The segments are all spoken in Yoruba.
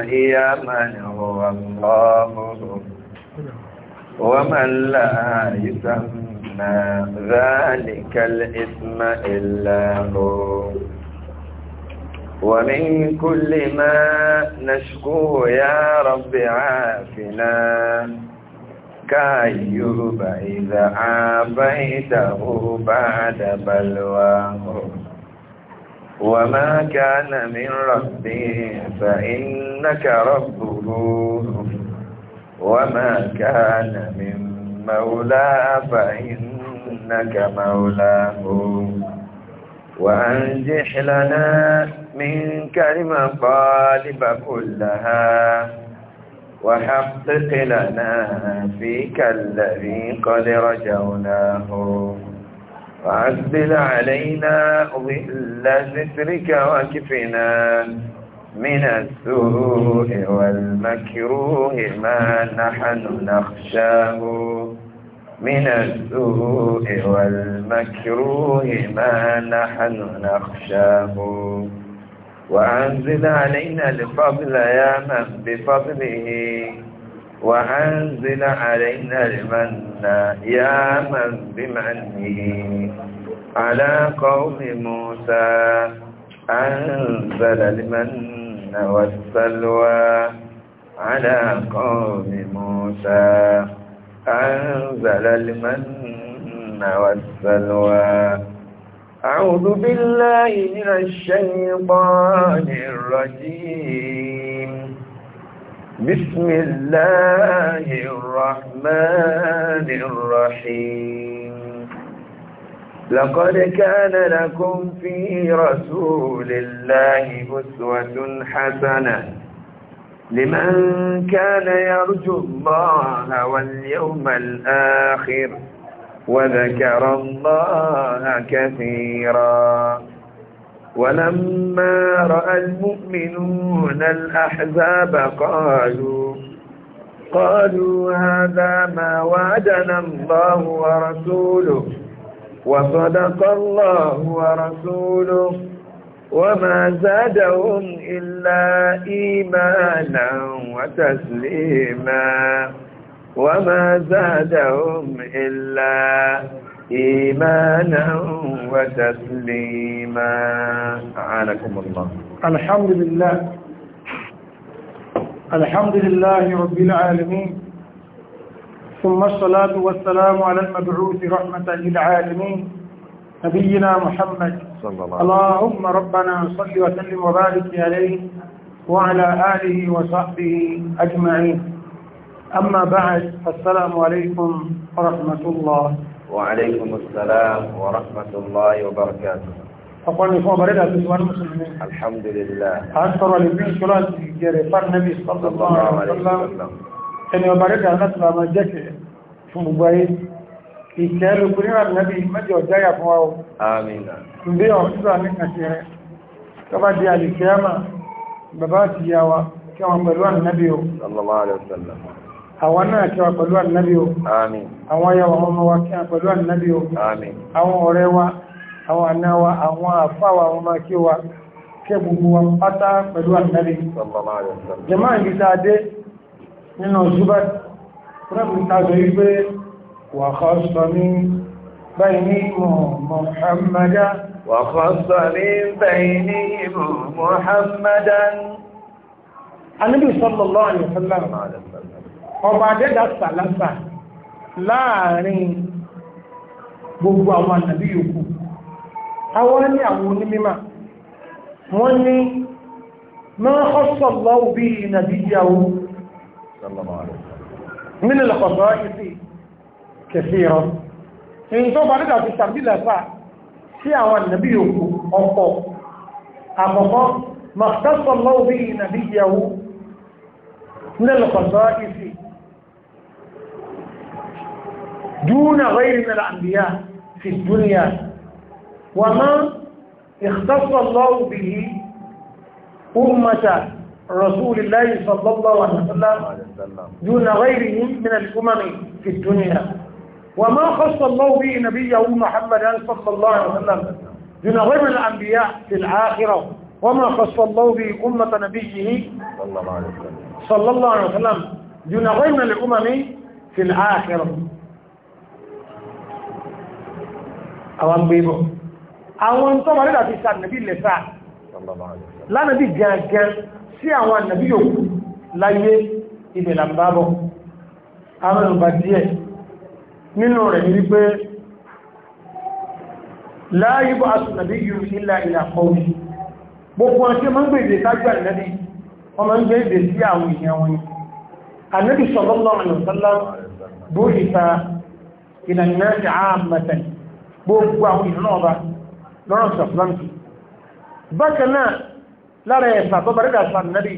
هي من هو الله ومن لا يسمى ذلك الاسم إلا هو ومن كل ما نشكوه يا رب عافنا كأيوب إذا عافيته بعد بلواه وما كان من ربي فإنك ربه وما كان من مولى فإنك مولاه وأنجح لنا من كلمة طالبة كلها وحقق لنا فيك الذي قد رجوناه وأسدل علينا ظل سترك وكفنا من السوء والمكروه ما نحن نخشاه من السوء والمكروه ما نحن نخشاه وأنزل علينا الفضل يا من بفضله وأنزل علينا المن يا من بمنه على قوم موسى أنزل المن والسلوى على قوم موسى أنزل المن والسلوى أعوذ بالله من الشيطان الرجيم بسم الله الرحمن الرحيم لقد كان لكم في رسول الله أسوة حسنة لمن كان يرجو الله واليوم الآخر وذكر الله كثيراً ولما رأى المؤمنون الأحزاب قالوا قالوا هذا ما وعدنا الله ورسوله وصدق الله ورسوله وما زادهم إلا إيمانا وتسليما وما زادهم إلا إيمانا وتسليما أعانكم الله الحمد لله الحمد لله رب العالمين ثم الصلاة والسلام على المبعوث رحمة للعالمين نبينا محمد صلى الله عليه اللهم ربنا صل وسلم وبارك عليه وعلى آله وصحبه أجمعين أما بعد فالسلام عليكم ورحمة الله وعليكم السلام ورحمة الله وبركاته أقول لكم بريدة تسوان الحمد لله أكثر لبين شلال جريفان النبي صلى الله عليه وسلم ẹni ọba rẹ̀ dáa láti máa jẹ́kẹ̀ fún gbogbo ayé ìkẹ́ lókù níra nàbí mẹ́jọ jáyà fún wa o ǹdé ọ̀sílà ní kàtí rẹ̀ tó bá di àlìkẹ́ àmà bàbá àti ìyá wa kí àwọn náà kí wa pẹ̀lú ànábì o àmín àwọn ayáwà ọmọ wa kí wa pẹ̀lú ànábì o àmín àwọn ọ̀rẹ́ wa àwọn àná wa àwọn àfáwà àwọn máa kí wa kí gbogbo wa pátá pẹ̀lú ànábì jẹmọ́ ìgbìta adé nínú ṣúbá rẹ̀bùtàzọ̀ wípé wà kọ́sọ̀ ọba adẹ́dà sàlásà láàrin gbogbo àwọn ànàbí yòókù àwọn ní àwọn onímímà wọ́n ní máa ọ́sọ̀ lọ́wọ́ bí ìnàbí yàwó nínú lọ́kọ̀ọ́ ìsì kẹfìrọ̀ èyí tó bá dídà fi sàbílẹ̀ fà sí àwọn ànàbí yòókù ọ̀pọ̀ àkọ́kọ́ màtàsọ̀ lọ́wọ́ bí ìnàbí yàwó nínú lọ́kọ̀ọ́ ìsì دون غير من الأنبياء في الدنيا وما اختص الله به أمة رسول الله صلى الله عليه وسلم دون غيره من الأمم في الدنيا وما خص الله به نبيه محمد صلى الله عليه وسلم دون غير الأنبياء في الآخرة وما خص الله به أمة نبيه صلى الله عليه وسلم دون غير الأمم في الآخرة àwọn ń gbé bọ̀ àwọn tọ́bà nígbà ti sàdìnàbí lẹ́sà lánàbí gangan sí àwọn ànàbí yòókù láyé ibẹ̀ làmbábọ̀ àwọn ìrùbà díẹ̀ nínú rẹ̀ ní wípé láyébọ̀ asùnàbí yìí ilá ìlàkọ́wì gbogbo ọ̀sẹ̀ mọ́ ń gbé èdè sájú ànàbí sallallahu alaihi wasallam bóyìta ìlànà àmàtàn gbogbo àwọn ìlú náà bá lọ́rọ̀ sàfláǹkì bákan náà lára ẹ̀sà tó bàrí dàṣà nàbí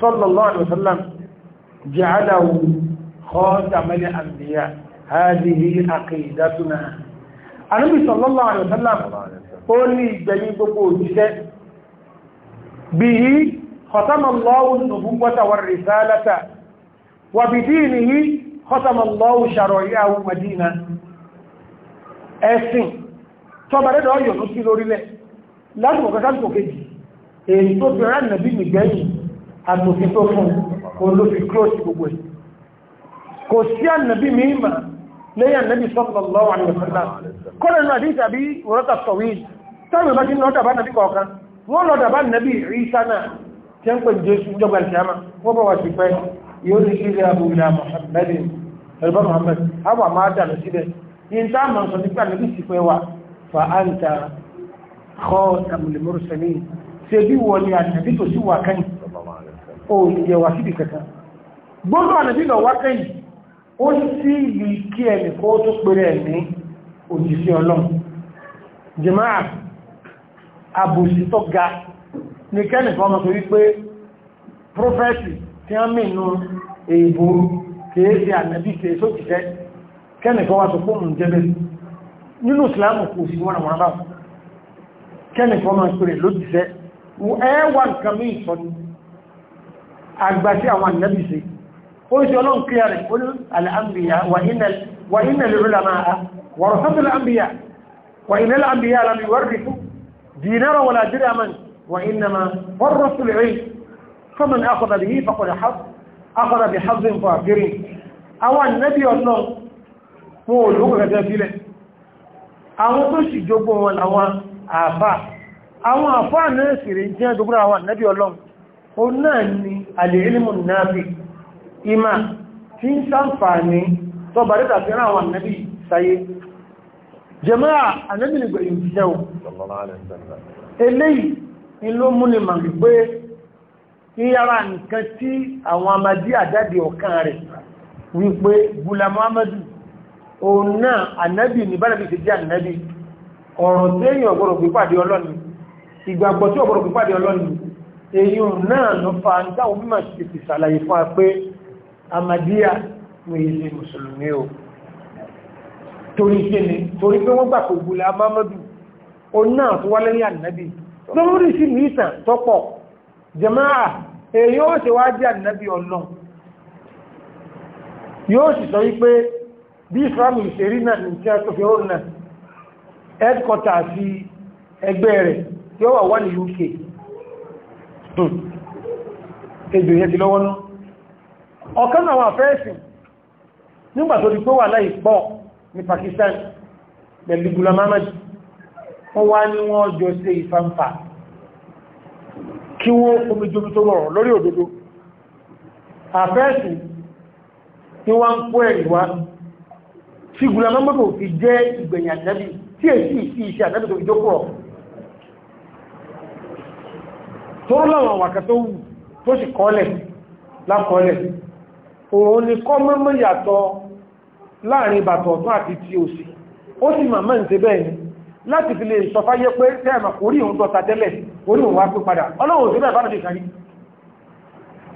sallallahu alaihi wasallam ja'alahu khatamal anbiya hadhihi aqidatuna anábì sallallahu alaihi wasallam ó ní ìgbẹ̀yìn gbogbo òjíṣẹ́ bihi khatamallahu ẹ̀sìn tọ́ba rẹ̀ ọ̀yọ̀ tó sí lórílẹ̀ lásìkò kẹsàtò kejì èyí tó fi rán nàbí nìgbẹ̀yìn àtòfin tó fún olófin close gbogbo ẹ̀ kò sí ànàbí mímọ̀ lẹ́yìn ànàbí sallallahu alaihi wasallam kọ́lẹ̀ náà dí tàbí òrọ́ta sọ̀wí táwọn ìbájú náà dàbá nàbí kọ̀ọ̀kan wọ́n lọ dàbá nàbí Ìsá náà tí ń pè Jésù jọba ìṣẹ́mà wọ́n bọ̀ wà sí pẹ́ in ta ma sọ nípa níbi ìsìnkú ẹwà fa á ń ta kọ́ tàbílẹ̀mọ́rù sẹ́mi ṣe bí wọ́n ni àtàbí tó sí wà kẹ́yìn ó yẹ wà síbi kankan gbọ́dọ̀ ànàbí lọ wá kẹ́yìn ó sì lè kí ẹnì kó tó pèrè ẹ̀mí òjìṣẹ́ tó ga ní prọfẹ́sì tí wọ́n mìnú èèbò kèése ànàbí kèése òjìṣẹ́ kẹ́nìkan wá sọ fún òun jẹ́bẹ̀ nínú ìsìláàmù kò sí wọ́n àwọn aráàmù kẹ́nìkan máa pèrè lójíṣẹ́ ẹwà nǹkan mí ìsọ ni àgbà sí àwọn ànábì sí ó sì ọlọ́run kíyà rẹ̀ ó ní ọlọ́run wọn ò lówó kẹ̀kẹ́ sílẹ̀ àwọn tó sì jogbo wọn làwọn àfà àwọn àfà náà sì rí jẹ́ jogbo àwọn ànábì ọlọ́run o náà ni àlèrílìmù náàfi ìmá tí ń sàǹfààní tó bàrí tàbí rán àwọn ànábì sáyé jẹmọ́ra ànábì nìgbẹ̀yìn jíjẹ́ o eléyìí ìlú múni mà wípé ìyára nǹkan tí àwọn amadí àdáde ọ̀kan rẹ̀ wípé Bùlá Muhammadu òun náà ànábì ní bánàbí ti jẹ́ ànábì ọ̀rọ̀ tí èyàn ọgbọ̀rọ̀ pípàdé ọlọ́ni ìgbàgbọ́ tí ọgbọ̀rọ̀ pípàdé ọlọ́ni èyàn náà lọ fa ń dáwọn mímọ̀ sí ti sàlàyé fún wa pé amadíyà wèèlè ni torí pé wọ́n gbà kò gbùlẹ̀ amámọ́dù òun náà tó wálé ní ànábì lórí sí ní ṣe wá jẹ́ ànábì ọlọ́n yóò sì sọ wípé bí ìfàmì ìṣèrí náà ní tí a tó fi ọrùn náà headquarter àti ẹgbẹ́ rẹ̀ tí ó wà wà ní UK hmm. ejò yẹn ti lọ́wọ́ náà ọ̀kan àwọn afẹ́ẹ̀sìn nígbà tó di pé wà láì pọ̀ ní Pakistan pẹ̀lú Gula Mamadi wọ́n wá ní wọ́n jọ ṣe ìfàǹfà kí wọ́n omi jómi tó rọrùn lórí òdodo àfẹ́ẹ̀sìn tí wọ́n ń kó ẹ̀rì wá figura gùnà mọ́mọ́tò fi jẹ́ ìgbẹ̀yìn ànábì tí èsì ìsì iṣẹ́ ànábì tó fi jókòó ọ̀ tóró láwọn àwàkà tó wù tó sì kọ́lẹ̀ lákọ́lẹ̀ òun ni kọ́ mọ́mọ́ yàtọ̀ láàrin bàtọ̀ ọ̀tún àti ti òsì ó sì màmá ń ṣe bẹ́ẹ̀ ni láti fi lè sọ fáyé pé tẹ́ẹ̀mà orí òun tọ́ta tẹ́lẹ̀ orí òun wá pé padà ọlọ́run òsì bẹ́ẹ̀ bá nàbì kárí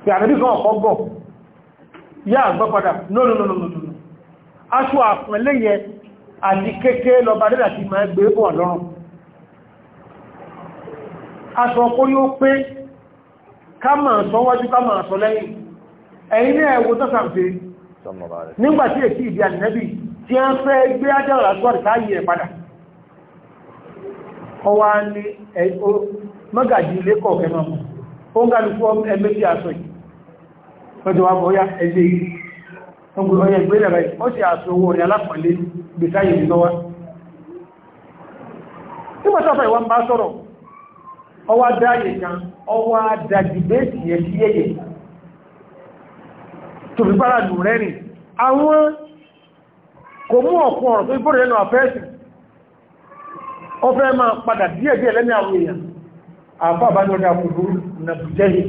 pé ànábì kan ọ̀kọ́ gbọ̀ yá àgbọ́ padà no no no aṣọ àpẹẹlẹ́ yẹ àti kéèké lọba dẹ́dà ti máa gbé bọ̀ lọ́rùn aṣọ kó ní ó pé ká máa sọ wájú ká máa sọ lẹ́yìn ẹ̀yìn ní ẹ̀wò tọ́sàmfẹ́ nígbàtí èsì ìdí ànẹ́bì tí a ń fẹ́ gbé ájára sọ́rì káyì ẹ̀ padà ọwá ọgbọ̀n ọyẹ ìgbélẹ̀ rẹ̀ ó sì àṣò owó rẹ̀ alápọ̀lé gbèsáyè lọ́wọ́ nígbàtọ́fẹ́ ìwọ́n bá sọ̀rọ̀ ọwá dáyè kan ọwá dàgbìgbèsì yẹ sí yẹ́yẹ tó fi bára lù rẹ́rìn àwọn kò mú ọ̀pọ̀ ọ̀rọ̀ tó gbọ́rọ̀ lẹ́nu àfẹ́ẹ̀sì ó fẹ́ máa padà díẹ̀díẹ̀ lẹ́nu àwọn èèyàn àfáà bá ní ọdá kùrú nàbùjẹ́yìn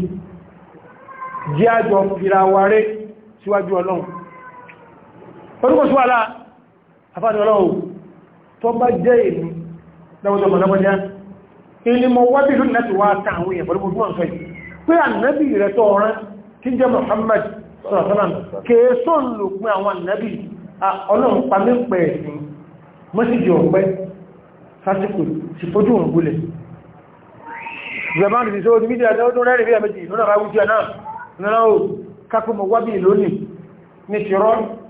jí síwájú ọlọ́run orúkọ ṣúwà láà àfáàdì ọlọ́run tó bá jẹ́ èmi lọ́wọ́dọ̀ mọ̀lọ́gbọ́já ilé mọ̀ wábí lónìí láti wá tààwọn èèyàn pẹ̀lú gbogbo ọ̀sọ̀ yìí pé ànábì rẹ̀ Muhammad sọ̀rọ̀sọ́làm kèèsọ́ lòpin àwọn ànábì ọlọ́run pamí pẹ̀ ẹ̀sìn mọ́sídì ọ̀pẹ́ sásìkò sì fojú òun gúlẹ̀ zaman ti lónìí ni tiron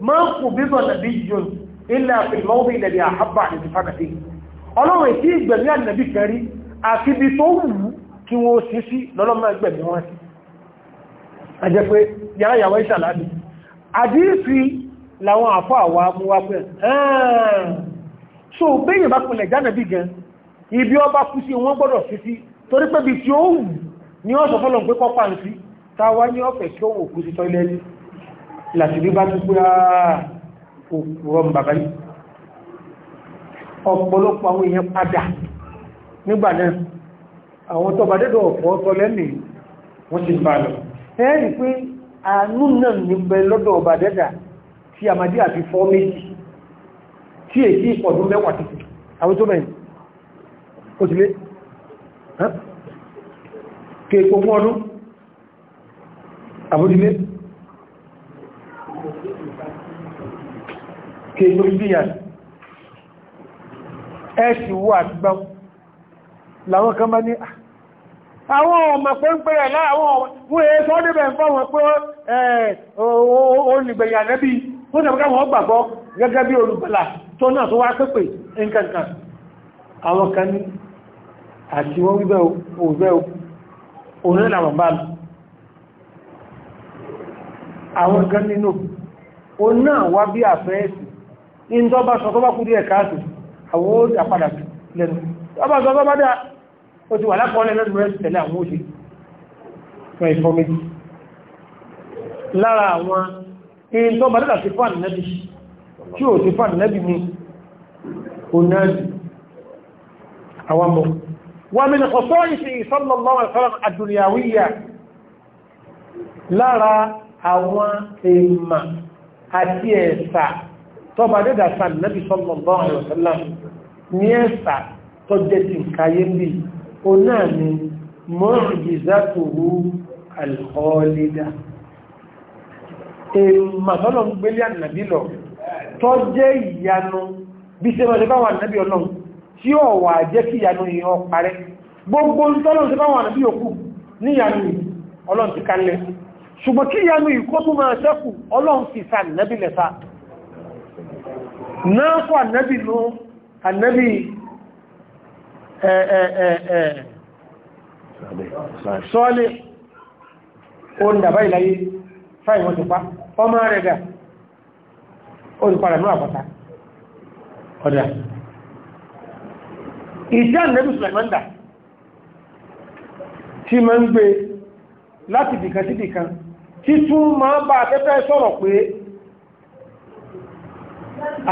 máa kù bí sọ nàbí yìí ilẹ̀ àfihàn ilẹ̀ àhábà ìdífàdà sí ọlọ́run tí ìgbẹ̀mí ànàbí kan rí àti ibi tó wù kí wọ́n sí sí lọ́lọ́mọ́ ìgbẹ̀mí wọn sí àjẹ́ pé yàrá ìyàwó ìṣàlábì àdífi làwọn so bẹ́yìn bá kùnlẹ̀ jánàbí gan ibi ọba kú sí wọ́n gbọ́dọ̀ sí sí torí pé bí tí ó wù ní ọ̀sọ̀fọ́lọ̀ pé kọ́pàá ń ní ọ̀fẹ́ kí ó wò kú sí tọ́ilẹ́lì làṣìbí bá tún púra òkúrọ̀ bàbá yìí ọ̀pọ̀lọpọ̀ àwọn èèyàn padà nígbà náà àwọn tọba dédọ̀ ọ̀pọ̀ ọ̀tọ̀ lẹ́nì wọ́n ti bá lọ ẹ́rì pé àánú náà ní bẹ lọ́dọ̀ ọba dẹ́dà tí a máa dí àti fọ́ méjì tí èyí ìpọ̀dún mẹ́wàá títì àwọn tó mẹ́rin ó ti lé kéèkó mọ́ ọdún àbójúlé kèlò ìdíyàn ẹ̀ṣì wo àgbà láwọn kan bá ní ah, àwọn ọmọ pé ń pèrè láàwọn wọ́n èé sọ níbẹ̀ ń fọ́wọ́n pé olùgbèyàn nẹ́bí tó nẹ̀bí káwọn gbàgbọ́ gẹ́gẹ́ bí olùgbàlà tó náà tó wá pépè nǹkankan àwọn kan ní nínú òun náà wá bí àfẹ́ ẹ̀sìn ní tó bá sọ tó bá kú díẹ̀ káàtù àwọn ó lẹ́nu tó sọ tó bá dá ó ti wà lápọ̀ọ́lẹ̀ lẹ́nu rẹ̀ tẹ̀lé àwọn òṣè fún ìfọ́mẹ́tì lára àwọn ní tó bá dá fún ànìyàn tí ó ti fún ànìyàn ní onáàdì àwọn àti ẹ̀sà tọba dẹ́dà sàn nẹ́bí sallallahu alaihi wasallam ní ẹ̀sà tó jẹ́ ti káyé ń bí o náà ni mu'jizatuhu al-khalida èèmà tọ́lọ̀ ń gbélé ànàbí lọ tó jẹ́ ìyanu bí ṣe mọ́sí báwọn ànàbí ọlọ́run tí ó wà jẹ́ kí ìyanu ìyàn parẹ́ gbogbo tọ́lọ̀ sí báwọn ànàbí òkú ní ìyanu ọlọ́run ti kalẹ̀ ṣùgbọ́n kí ìyanu ìkó tó máa ṣẹ́kù ọlọ́run fi sa ànàbí lẹ́ta náà kọ́ ànábì ló ànábì sọ́ọ́lẹ̀ oúnjẹ̀bá ìláyé fáì wọ́n ti pa ọmọ rẹ̀ gà olùpàdà ní àpàtà ọ̀dà ìjá ànábì sùlẹ̀mọ́ndà tí ma ń gbé láti dìkan sí dìkan títún ma ń bá afẹ́fẹ́ pé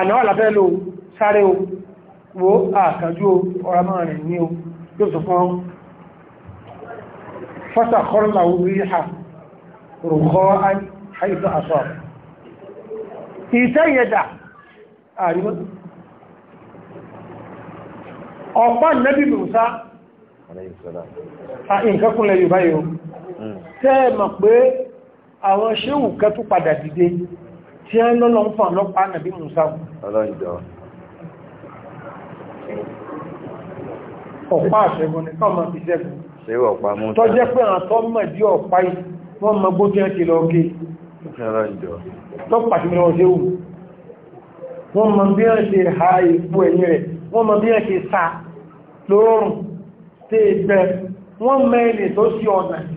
ànáwà láfẹ́ lò sáré o wo àkànjú ọ̀rọ̀ máa rìn ní o yóò sọ fún fọ́sà kọ́rọ̀lá oríhà rùkọ́ àìsàn àṣọ ìṣẹ́ ìyẹ̀dà àríwá ọ̀pá nẹ́bí lùsá àìǹkẹ́kúnlẹ̀ yorùbá yóò hmm. tẹ́ mọ̀ pé àwọn ṣéhùn kẹtù padà dìde tí a lọ́lọ́ ń fọ́n lọ́pàá nàbí Musa ọ̀pá àṣẹ́gun ní kọ́ máa fi ṣẹ́gun tó jẹ́ pé àwọn mọ̀ dí ọ̀pá yìí wọ́n mọ gbójú ẹ̀ lọ gé lọ́pàá wọ́n mẹ́rin tó sí ọ̀nà sí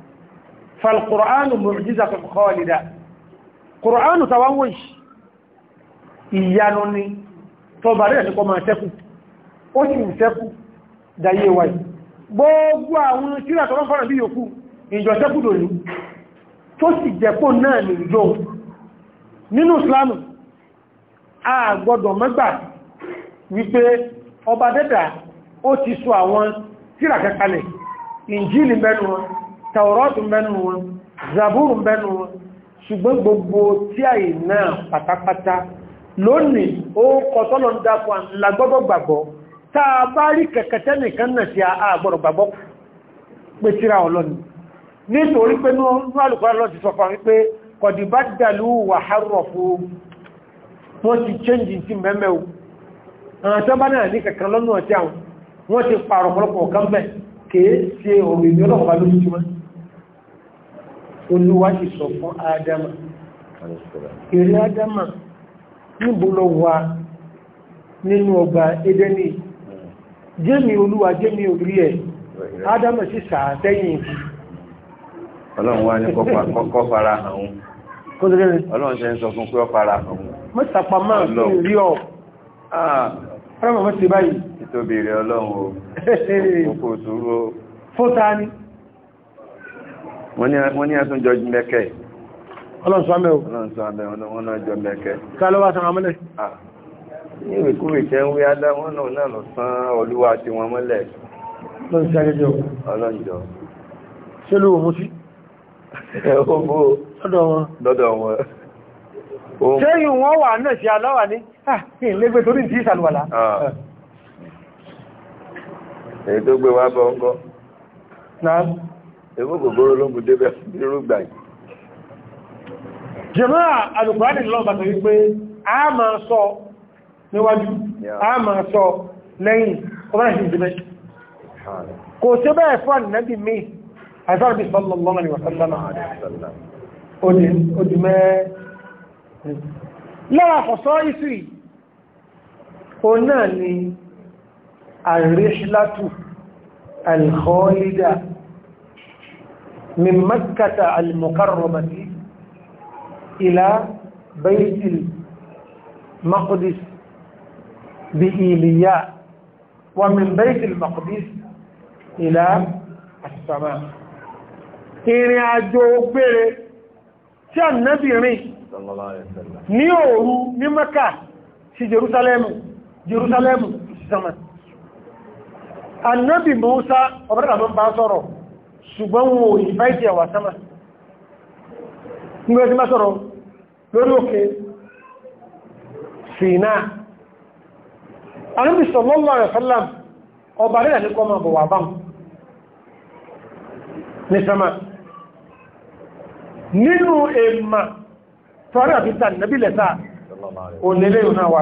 falkùránù mùjíza tó kọ́ọ̀lìdá kùránù tàwánwò ìyanu ni tó bàrí ẹ̀ nípa máa sẹ́kù ó sì ń sẹ́kù dáyé wáyé gbogbo àwọn tíra tọ́rọ fọ́nà bí yòókù ìjọ sẹ́kù lòní tó sì jẹ́pò náà ní ìjọ nínú islamu a gbọ́dọ̀ mẹ́gbà wípé ọba dẹ́dà ó ti sọ àwọn tíra kẹkalẹ̀ ìnjílì mẹ́nu tàwọ́rọ́tù mẹ́nu wọn zabúrù mẹ́nu wọn ṣùgbọ́n gbogbo tí àì náà pátápátá lónìí ó kọtọ́lọ̀ ń dákọ̀ lágbọ́gbọ́ gbàgbọ́ tá a bá rí kẹ̀kẹ́tẹ́ nìkan náà sí àgbọ̀rọ̀ gbàgbọ́ pé síra ọlọ́ni nítorí pé ní alùkọ́lá lọ́ti sọ fún wípé kọ̀dìbá dàlú wà hárọ̀ fún wọ́n ti chẹ́njì sí mẹ́mẹ́ o àwọn tó bá náà ní kẹ̀kẹ́ olúwa sì sọ fún ádámà èrè ádámà níbo lọ wà nínú ọgbà edeni jẹ́mi olúwa jẹ́mi orí ẹ̀ ádámà sì sàátẹ́yìn ìbí ọlọ́run wá ní kọ́kọ́ fara hàn ún ọlọ́run ṣe ń sọ fún pé ọ fara hàn ún mọ́sàpá máa fi rí ọ ah. ọlọ́run mọ́ sí báyìí títóbi rẹ̀ ọlọ́run o kò sùúrù o fóta ni wọ́n ní ẹ̀sùn jọ mẹ́kẹ́ ọlọ́nsọ́mẹ́ wọ́n náà jọ mẹ́kẹ́ kálọ́wà sàn àmọ́lẹ̀ ní ìwèkúwè tẹ́ ń wé adá wọ́n náà lọ sán olúwa tí wọ́n mọ́lẹ̀ ọlọ́njọ́ ṣe ló wọ́n sí ọdọ̀ wọn ṣéyìn wọ́n wà náà sí alọ́wà ní ìlẹ́gbẹ́ torí tí ìsàlùwàlá èyí tó gbé wá bọ́ ń gọ́ èmú gògóró ló mú débẹ̀ irúgbà yìí jẹ́mọ́ alùkùránì lọ́nà tó wípé a máa sọ níwájú a máa sọ lẹ́yìn ọmọdé ìdíbẹ̀ kò sí bẹ́ẹ̀ fún ànìyàn mi àìsàrùbí sallallahu من مكة المكرمة إلى بيت المقدس بإيلياء ومن بيت المقدس إلى السماء إني أجو بيري كان نبي ري نيوه من مكة في جرسلم جرسلم السماء النبي موسى أبرا من باصره ṣùgbọ́n wo ìfẹ́ìtì àwà sámà nígbẹ́ tí má lórí òkè Sínà Ànábì sallallahu alaihi wasallam ọba rẹ̀ ní kọ́ máa bọ̀ ní sámà nínú èèmà tọ́rẹ àfíta nàbí lẹ́ta ìrìnàwà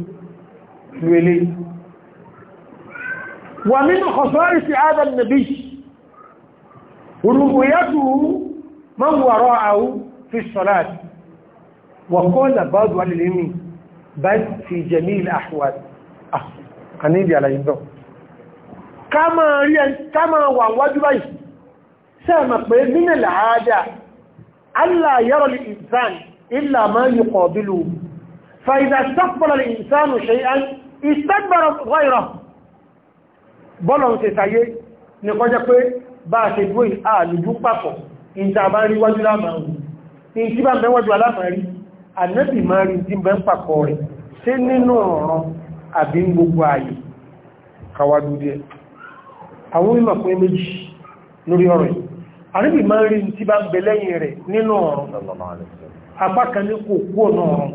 rẹ̀lẹ̀ wà nínú ọ̀sọ́rì sí adam nàbí rúgbòyàtù man wàrọ̀ àwú fi sọ́láàt wọ̀kọ́ làbáàdù alìlẹ́mì bá fi jẹ̀mí àṣwàd àníbi àlàyìnbọ̀ ká máa wà wájú báyìí sẹ́ẹ̀mà pé nínú làádá Allah yọ́rọ̀ lè ìsán ìlà máa yìí kọ̀ọ̀bílù fa ìdá sọ́pọ̀lọ̀ lè ìsánù ṣe ìsẹ́gbẹ̀rọ̀ wáìrọ̀ bọ́lọ̀ ń ṣe tayé ní kọjá pé bá a ṣe gbé àlùjú papọ̀ ìta bá rí wájú lámàrí ní tí bá mẹ́wọ́jú alámàrí ànẹ́bì máa rí tí bẹ́ ń papọ̀ rẹ̀ ṣe nínú ọ̀ràn àbí gbogbo ààyè kàwàdúdẹ àwọn mímọ̀ pé rí tí bá ń bẹ lẹ́yìn rẹ̀ nínú ọ̀ràn apá kan ní kò kú ọ̀nà ọ̀ràn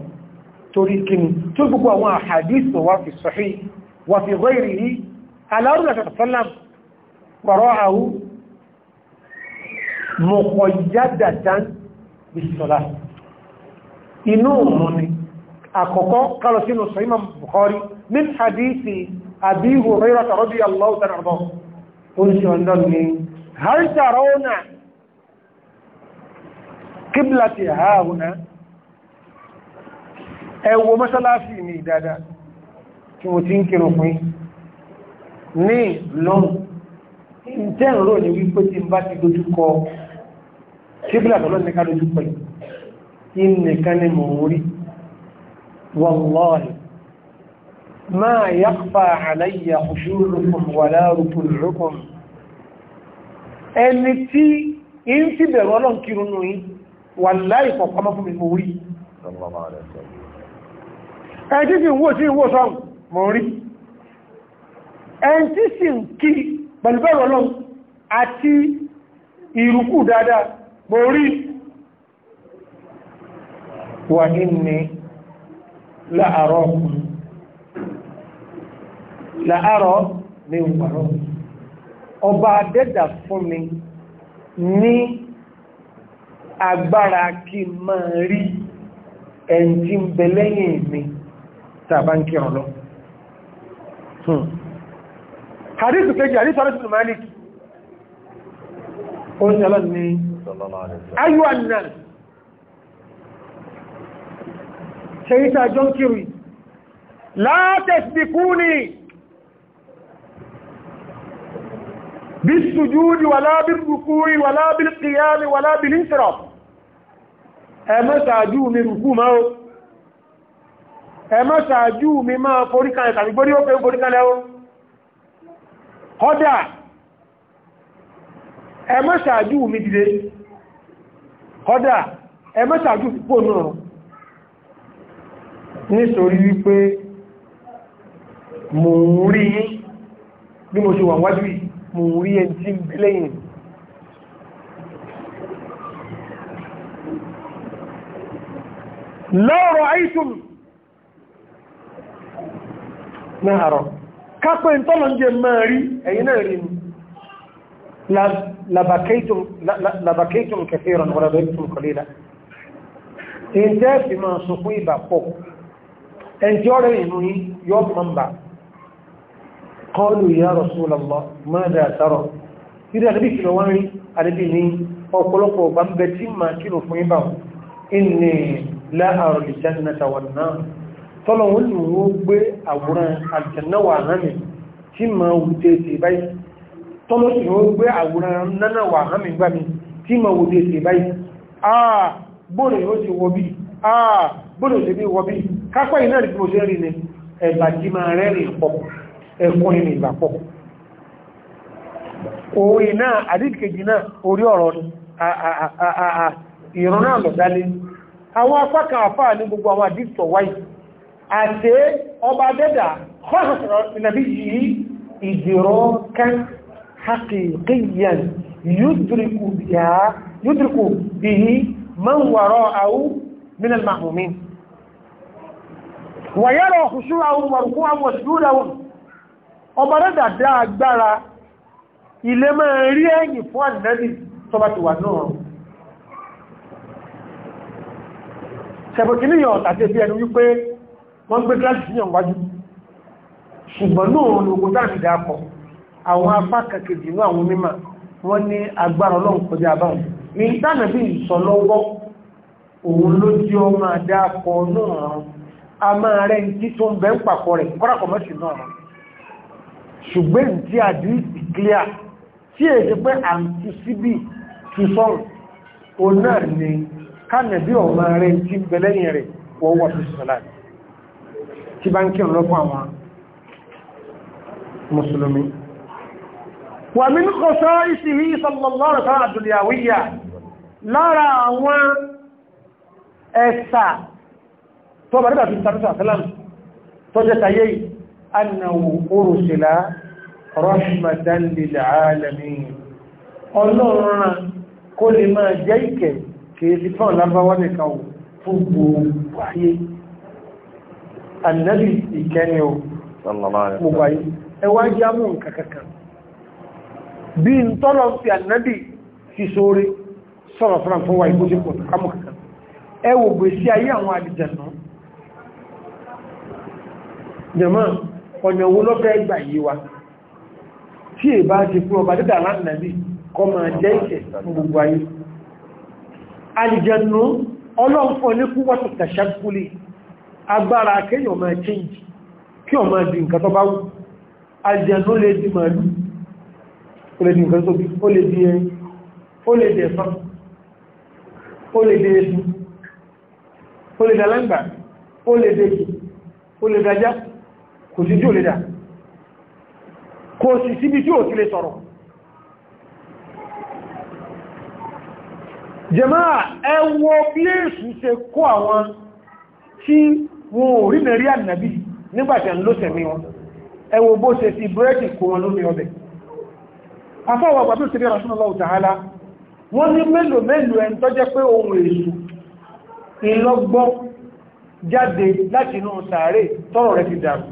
torí kíni tó gbogbo àwọn àhàdís tó wá fi sahih wà fi ghairi yìí aláàrùn àti àtàlám pọ̀rọ̀ àwú mọ̀kọ̀ yádàdán bisọ́lá inú òun ni àkọ́kọ́ kálọ sínú sọ́ímọ̀ Bukhari min hadisi Abi Hurairah ẹ wo mọ́sálásí ní ìdádá tí mo ti ń kírò pín ní lọ́nù ìjẹ́rò ní wípé tí bá ti dojúkọ kíbílà tọ́lọ́ ní ká dojúkọ ìnìkan ni mò ń rí wallahi ما يخفى علي خشوعكم ولا ركوعكم ẹni tí in ti bẹ̀rọ ọlọ́nkírun ní wà láìpọ̀ pàmọ́ fún ẹni tí sì ń wò sí ìwò sọ́n mọ̀ rí ẹni tí sì ń kí pẹ̀lúbẹ̀rọ lọ́n àti ìrùkù dáadáa mọ̀ rí wà nínú láàárọ̀ láàárọ̀ ìwàrọ̀ ọba adẹ́dà fún mi ní agbára kí máa rí ẹni ń bẹ lẹ́yìn mi tàbá ń kíràn lọ hmm. hadith kejì hadith Anas bin Malik ó ń sẹ́lọ́ ní ayúwà náà ṣe ìta john kiri látẹ̀sìdìkú ni بالسجود ولا بالركوع ولا بالقيام ولا بالانصراف اما تعجو من ركوع ẹmọ́ ṣàájú mi máa foríkanlẹ̀ tàbí gbórí ó pé ń foríkanlẹ̀ ó kọ́dà ẹmọ́ ṣàájú mi dìde kọ́dà ẹmọ́ ṣàájú pípò náà nítorí wípé mò ń rí bí mo ṣe wà wájú mò ń rí ẹn tí lọ́rọ̀ àìsùn náàrọ̀ kápẹ́ ìtọ́lọ̀ jẹ máa rí ẹ̀yìn náà rí ni labakaitum kathiran wa radaitum qalila in jẹ́ fi máa sọkún ìbà pọ̀ ẹn tí ọ́rẹ̀ inú yí yọ́ mọ́mbà qalu ya rasulallah madha tara ìrẹ́ àdébì kìlọ̀ wọ́n rí àdébì ní ọ̀pọ̀lọpọ̀ ọ̀gbà ń bẹ tí fún ìbà inni la ara al tọ́lọ̀ wọn lù wọ́n gbé àwòrán àjẹ̀náwà hàmì tí ma wùdé sí báyìí tọ́lọ̀ sì wọ́n gbé àwòrán nánáwà hàmì gbà mí tí ma wùdé sí báyìí àà bóòrè ó sì wọ́bí àà bóòrè sí bí wọ́bí kápá iná rí mo ṣe rí ni ẹ̀bà jí ma rẹ́rìn pọ̀ ẹ̀kọ́ ni ìgbà pọ̀ orí náà àdíkejì náà orí ọ̀rọ̀ ìrọ̀ náà lọ̀dálé àwọn apá kan àfáà ní gbogbo àwọn àdíkọ̀ wáyìí àti ọba dẹ́dà nàbí yìí ìdìrọ́ kan haqiqiyan yudriku biha yudriku bihi man wara'ahu min al-ma'mumin wa yara khushu'ahum wa ruku'ahum wa sujudahum ọba dẹ́dà dá agbára ilé máa rí ẹ̀yìn fún ànìyàn tó ti wà náà ṣẹ̀bùkì níyàn tàbí ẹnu wípé wọ́n gbé kíláàsì sí yàn wájú ṣùgbọ́n náà wọn lóògùn dáàmì dáàpọ̀ àwọn apá kẹkẹjì ní àwọn mímọ̀ wọ́n ní agbára ọlọ́run kọjá báwọn ní ìtànàbí ìsọlọ́wọ́ òun ló jẹ́ ọmọ àdáàpọ̀ náà a máa rẹ̀ ń tí tó ń bẹ́ ń pàpọ̀ rẹ̀ kọ́rọ̀kọ̀mọ́sì náà ṣe pé à tí bá ń kí ọ̀lọ́pọ̀ àwọn mùsùlùmí wà mí kò sọ ìsìnrí ìsọ̀lọ̀lọ́rọ̀ sára àdúlìyàwíyà lára àwọn ẹ̀sà tó bá nígbàtí ìtàtúsà sálàm tó jẹ́ tayé annahu orùsìlá rahmatan lil kó lè máa jẹ́ ìkẹ̀ kìí fún ọ̀lábáwọ́ fún gbogbo ayé ànábì ìkẹni o gbogbo ayé ẹwà jẹ́ amú bí n fi ànábì fi sóre sọ́rọ̀ fún wa ìgbóṣe pọ̀ amú kankan ẹ wò gbèsè ayé àwọn àlìjẹ̀nà jẹ̀mọ́ ọ̀nà owó lọ́fẹ́ gbà wa tí è bá ti fún ọba dídà lánàbí kọ máa jẹ́ ìṣẹ̀ gbogbo ayé agbára kéyàn máa change kí o máa di nǹkan tó bá wù ajẹ́nú lè di màálù o lè di nǹkan tó bí o lè di ẹyìn o lè di ẹ̀fán o lè di ẹ̀sùn o lè dà lẹ́gbà o lè di ẹ̀kì o lè dájá kò sí tí o lè dà kò sì síbi tí o ti lè sọ̀rọ̀ jẹ́máà ẹwọ pílẹ̀ẹ̀sù ṣe kó àwọn tí wọn ò rí nàrí ànàbí nígbàtí àń lóṣẹ̀ mi wọn ẹ wo bó ṣe ti búrẹ́dì kó wọn lómi ọbẹ̀ afọ́wọ́ àgbàtí ò ti rí ọ̀rọ̀ lọ́wọ́ tààlà wọ́n ní mélòó mélòó ẹn tọ́jẹ́ pé ohun èṣù ìlọ́gbọ́ jáde láti inú sàárè tọ́rọ̀ rẹ̀ ti dàrú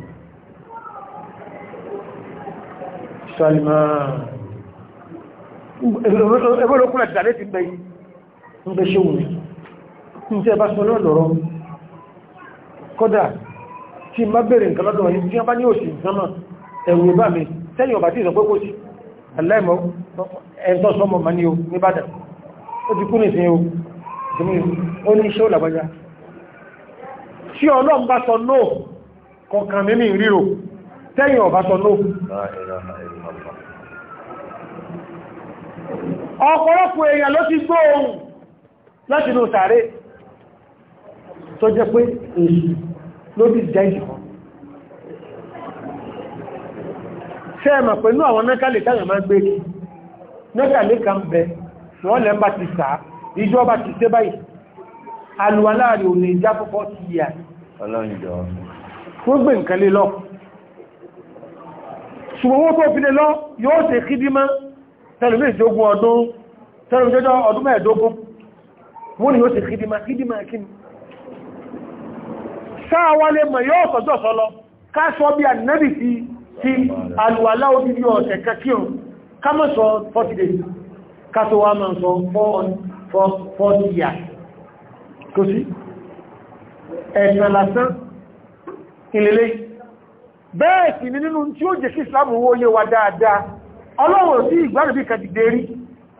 Salman ẹgbẹ́ olókùnrin àti sàárè ti gbẹ̀yìn ń gbẹ̀ṣẹ́ òun ní tí ẹ bá sọ lọ́dọ̀rọ̀ kódà tí ma bèèrè nǹkan lọ́dọ̀ yìí tí wọ́n bá ní òsì nǹkan náà ẹ̀rù bá mi tẹ́yìn ọ̀bá tí ìsọ pé kò sí aláìmọ́ ẹ̀ntọ́ sọmọ ma ní o ní bàdà ó ti kú ní o ó ní iṣẹ́ òlàgbájá tí ọlọ́run bá sọ nóò kọkàn mímì ríro tẹ́yìn ọ̀bá sọ nóò tó jẹ́ pé èṣù ló bí jẹ́ ìjọ ṣe ẹ̀mà pẹ̀lú àwọn nẹ́kàlẹ̀ táyà máa gbé kí nẹ́kàlẹ̀ kan bẹ wọ́n lẹ́ bá ti sàá ìjọba ti ṣe báyìí alùwà láàrin òní ìjá púpọ̀ ti yà fún gbé nǹkan lé lọ ṣùgbọ́n wọ́n tó fi lé lọ yóò ṣe kí dímá tẹ́lùmí ìjógún ọdún tẹ́lùmí ìjógún ọdún mẹ́ẹ̀dógún wọ́n ni yóò ṣe kí sáàwálé mọ̀ yóò sọ́jọ́ sọ́lọ káṣọ́ bí ànẹ́bì ti ti alùwàlá ó dìbí ọ̀sẹ̀ kẹkírùn kámọ́sọ 40 days káṣọ́ wá mọ́ sọ 40 years kò sí ẹ̀sàn lásán ìlélé bẹ́ẹ̀ sì ni nínú tí ó jẹ́ kí Islam owó yé wa dáadáa ọlọ́wọ̀ sí ìgbàrùbí kàdìdérí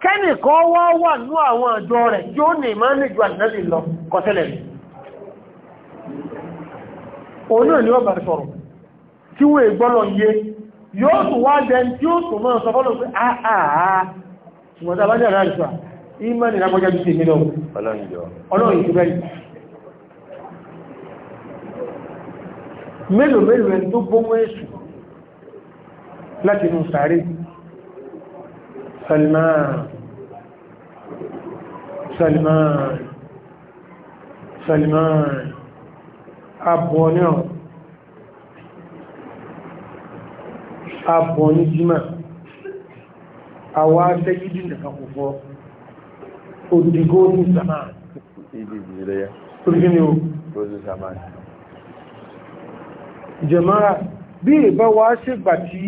kẹ́nìkan wá wà ní àwọn àjọ òun náà ni wọ́n bá sọ̀rọ̀ tí wọ́n gbọ́lọ̀ yé yóò tún wá jẹ tí ó tún máa sọ fọ́lọ̀ pé àà ah, ah, ah. ṣùgbọ́n tàbá jẹ́ àrárí sọ ìmọ̀ ni lápọjá bí tèmi lọ ọlọ́run ìjọba yìí mélòó mélòó ẹni tó gbóhùn èṣù láti inú sàárè Salman Salman Salman àbọ̀ náà àbọ̀ ní jímà àwọn aṣẹ́gídì nìkan kò fọ́ òdìgó ní sàmà ìdíjìlẹ̀ jẹ̀mára bí ìbá wa ṣègbà tí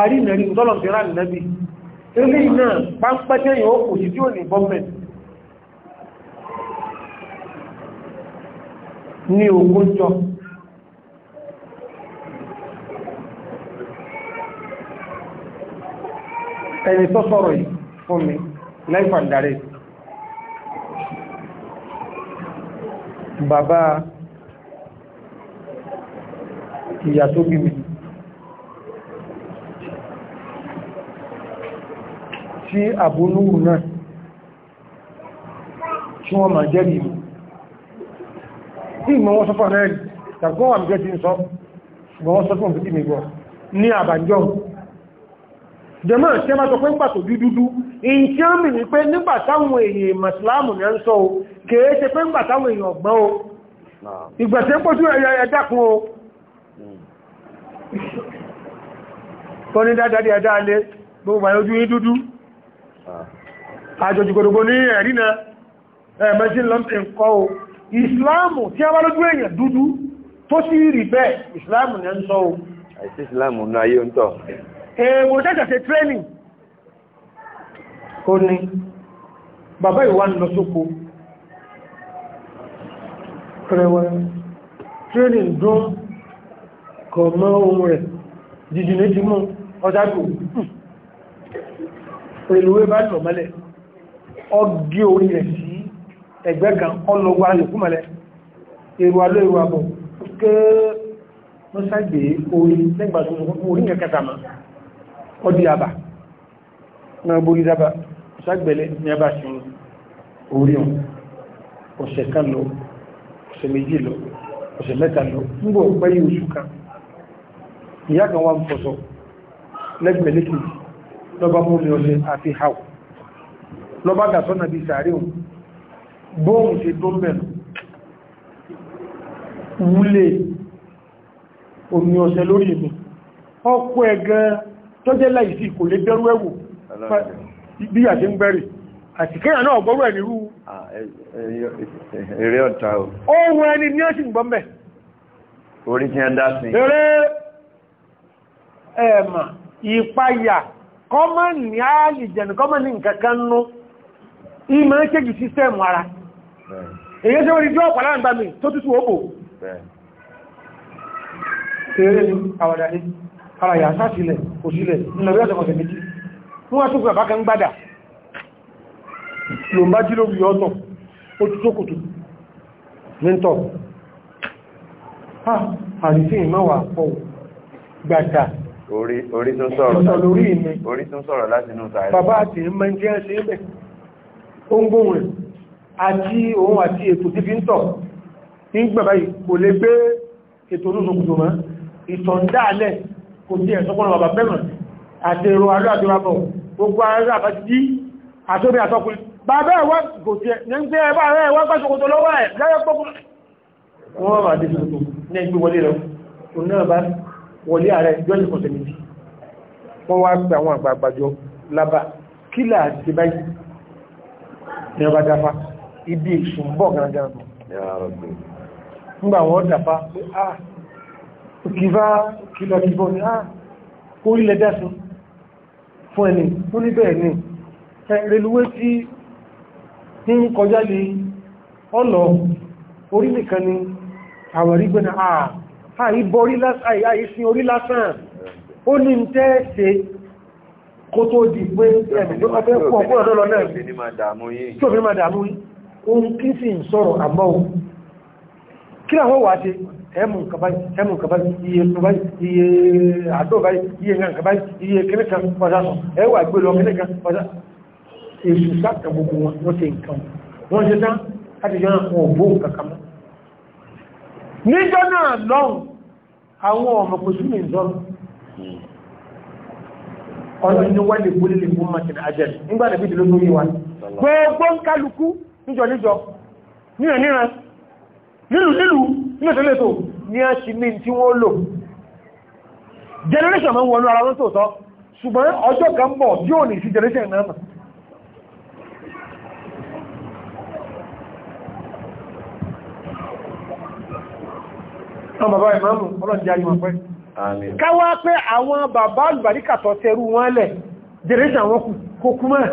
àrí ìrìnàrí tọ́lọ̀ fẹ́ràn nẹ́bí ilé náà pàǹpẹ́ tẹ́yìn ó kò sí tí ó ní gọ́ọ̀mẹ̀ntì ní ogójọ́ ẹni tó sọ̀rọ̀ yìí fún mi lẹ́fà dàrẹ́ bàbá ìyà tó bí mi tí àbúlúwù náà tí wọ́n máa jẹ́rìí mi tí ìmọ̀ wọn sọ́fọ́ rẹ̀ tàbí wọ́n àmì gẹ́tì ń sọ ṣùgbọ́n wọ́n sọ́fọ́ òfin ìgbọ̀ ní àbàjọ́ jẹmọ́ tí a bá sọ pé ń pàtó dúdúdú in tí ó mì ní pé nígbà táwọn èèyàn mọ̀sílámù ní ń sọ o kèé ṣe pé nígbà táwọn èèyàn ọ̀gbọ́n o ìgbẹ̀sẹ̀ pọ̀jú ẹ̀dàkùn o tó ẹ̀rí náà ẹ̀mẹ́sí lọ́mpẹ̀ kọ́ o ìsìláàmù tí a wá lójú èèyàn dúdú tó sì rí bẹ́ẹ̀ ìsìláàmù ní ẹ ń sọ o àìsí ìsìláàmù ní ayé ń tọ̀ èèwò tẹ́jàṣe training kó ní bàbá ìwà ń lọ sóko pẹ̀rẹ̀wẹ̀ training dún kọ̀ mọ́ ohun rẹ̀ jìjìnlẹ̀ ti mú ọjágbò pẹ̀lú ẹbá lọ orí rẹ̀ sí ẹgbẹ́ kan ọlọ́gbà yòókù mẹ́lẹ̀ èrò aló èrò àbọ̀ ké mọ́sáàgbé orí lẹ́gbà tó mú orí yẹn kẹta mọ́ ọdí àbà náà borí dábà mọ́sáàgbẹ̀lẹ̀ ní abà sí orí wọn ọ̀sẹ̀ kan lọ ọ̀sẹ̀ méjì lọ ọ̀sẹ̀ mẹ́ta lọ nígbà ọ̀pẹ́ yìí oṣù kan ìyá kan wà ń fọṣọ lẹ́gbẹ̀ẹ́ lẹ́kìtì lọ́ba mú mi ọṣẹ àti hàù lọ́ba gàtọ́nà bíi sàárè òun bóòmù ṣe tó mẹ́rin wúlé omi ọ̀sẹ̀ lórí mi ọkọ̀ ẹ̀gán tó jẹ́ láìsí kò lè dẹ́rú ẹ̀wò bí i àti ń bẹ̀rẹ̀ àti kíyà náà gbọ́rù ẹ̀ nírú ohun ẹni ní ọ̀sìn gbọ́mẹ̀ orí kí ẹ dá sí eré ẹ̀mà ìpayà èyí ṣe orí jọ́ ọ̀pàá láàgbà mi tó tútù òpò tèrè ní àwàdà ní ara yà sásílẹ̀ òsílẹ̀ nílọ̀rí ọ̀sẹ̀kọ̀sẹ̀ méjì fún wá tókù àbákan gbádà Ha bá jí lórí ọ̀tọ̀ ó tútù kùtù bàbá ó ń gbóhùn àti òun àti ètò tí fi ń tọ̀ ní gbẹ̀bà kò lè gbé ètò olóṣòkòtò mọ́ ìtọ̀ndáàlẹ̀ kò tí ẹ̀sọ́pọ̀nà bàbá bẹ́rùn àti èrò ará àdúrábọ̀ gbogbo ará àbá ti jí àtóbi àtọ́kùnrin bàbá ẹ̀wọ́ kò tí ẹ̀ ní gbé ẹbá rẹ̀ ẹ̀wọ́ pẹ́sọ̀kòtò lọ́wọ́ ẹ̀ lẹ́yọ́ ọba dáfà ibi ìṣùnbọ̀ gangan nígbà wọ́n dàpá pé a ah, kìfà kìlọ̀ kìbọ̀ ni a ah, kó rílẹ̀ dẹ́sùn fún ẹni tó ní bẹ́ẹ̀ ni rẹlúwé tí ní kọjá lè ọlọ̀ orílẹ̀ kan ni àwẹ̀rí gbẹ́nà àìsìn orí lásán ó ní tẹ́ẹ̀ṣe kó tó di pé ẹ̀mì tó kọ́ fẹ́ pọ̀ fún ọ̀dọ́lọ náà tí ò fi máa dàmú yìí oun kí sì ń sọ̀rọ̀ àmọ́ ohun kí àwọn wà ṣe ẹmù nǹkan iye nǹkan iye àdó báyìí iye nǹkan báyìí iye kìnnìkan pàṣà sọ ẹwà gbé lọ kìnnìkan pàṣà èṣù sáàtà gbogbo wọn wọ́n ṣe nǹkan wọ́n ṣe tán láti jọ àwọn òbó kankan mọ́ níjọ́ náà lọ́hùn àwọn ọmọ kò sí nìjọ́ ọ̀nà ni wọ́n lè gbólé lè fún mọ́tìn ajẹ́ nígbà nàbí ìdílé lórí wa kálukú níjọ níjọ níran níran nílù nílù nílẹ̀tẹ́lẹ̀tò ní a ṣì ní tí wọ́n lò generation ma ń wọnú ara wọn tòótọ́ ṣùgbọ́n ọjọ́ kan bọ̀ tí ò ní sí generation náà àwọn bàbá ìmáàmù ọlọ́njẹ́ ayé wọn pẹ́. káwàá pé àwọn bàbá àlùbáríkà tọ́ tẹrú wọn lẹ̀ generation wọn kò kú mẹ́rin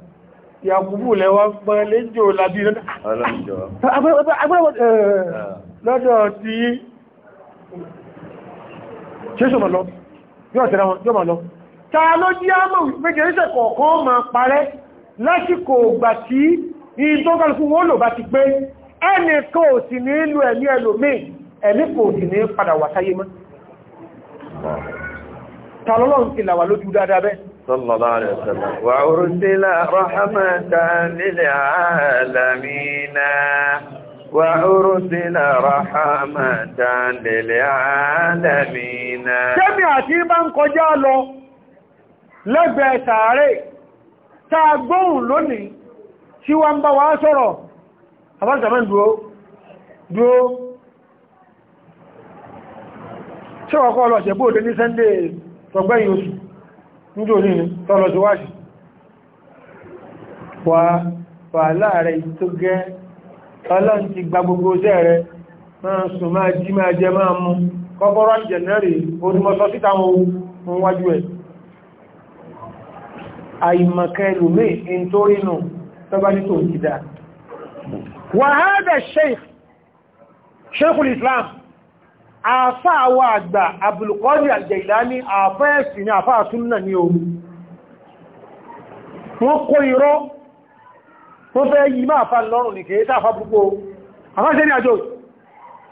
yàkùbù lẹ́wà pẹ́ léjò lábí lọ́dọ̀ tí ṣéṣọ́mọ̀ lọ yóò tẹ́ra wọn yóò mọ̀ lọ ta ló jí á mọ̀ méjèríṣẹ́ kọ̀ọ̀kan ma parẹ́ lásìkò ìgbà tí ìdọ́gbàlùkú wọ́n lò bá ti pé ẹni kò sì ní ìlú ẹ̀mí ẹlòmíì ẹ̀mí kò sì ní padà wà sáyé mọ́ ah. ta lọ́lọ́run ti làwà lójú dáadáa bẹ́ẹ̀ صلى الله عليه وسلم وأرسل رحمة للعالمين وأرسل رحمة للعالمين Ṣẹ́mi àti bá ń kọjá lọ lẹ́gbẹ̀ẹ́ sàárè tàà gbóhùn lónìí tí wọ́n ń bá wa sọ̀rọ̀. Àbájàmẹ́ dúró, dúró. Ṣé wọ́n kọ́ lọ ṣẹ̀bú òdé ní Sunday tọgbẹ́yìn oṣù? níjò ní tọ́lọ ti wáṣì wà wà láàrẹ tó gẹ́ ọlọ́n ti gba gbogbo iṣẹ́ rẹ máa sùn máa jí máa jẹ máa mú kọ́kọ́rọ́ ìjẹ̀nẹ́rì onímọ̀sọ́ síta wọn wájú ẹ̀ àìmọ̀kẹ́ lùmí in tó rínú tọ́bá ní tó ń ti dá wà hádà sheikh sheikhul islam àfá àwọn àgbà Abdulqadir Al-Jailani àfá ẹ̀sìn ní àfá àtúnnà ní orí wọ́n kó irọ́ tó fẹ́ yí máa fa lọ́rùn ní kèé sáfà púpọ̀ àfáṣẹ́ ní àjò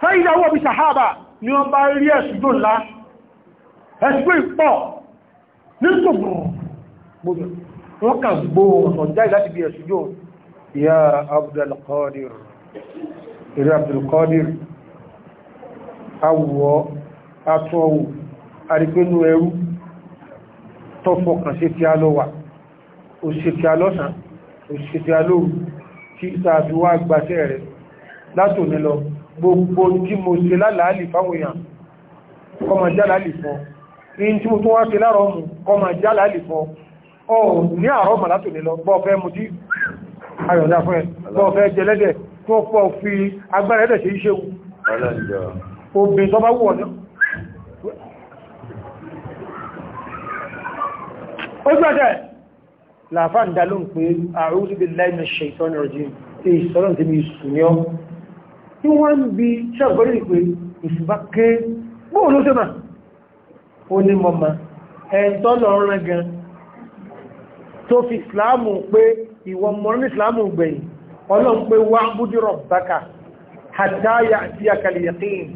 fẹ́ ìyàwó bí sàhábà ni wọ́n bá rí ẹ̀sùgbò ńlá ẹ̀sùgbò ìpọ̀ ní tòbùrù wọ́n kà gbó awùwọ́ atọ́wù àrípínú ẹrú tọ́fọkàn sí ti alọ́wà òṣètì alọ́sàn òṣètì alóòrù tí ìtààbí wá gbàṣẹ́ rẹ̀ látòní lọ gbogbo tí mo ṣe lálàálì fáwọn èèyàn kọmọ jálàálì fọ́ in tí mo tún wá ṣe láàrọ̀ mú kọmọ jálàálì fọ́ ọ ní àárọ̀ mà látòní lọ bọ́ fẹ́ mutí ayọ̀dá fún ẹ bọ́ obìn tó bá wọ̀ náà ó gbẹ́jẹ́ làfá ń dalóhùn pé a'udhu billahi minash shaitani rajim tí ìsọ́lọ́n ti mi sùnyọ́ tí wọ́n ń bi ṣàgbọ́rí pé ìfìbá ké bóò ló sẹ́mà ó ní mọ́mà ẹ̀ntọ́ lọ rán gan tó fi ìsìláàmù pé ìwọ̀n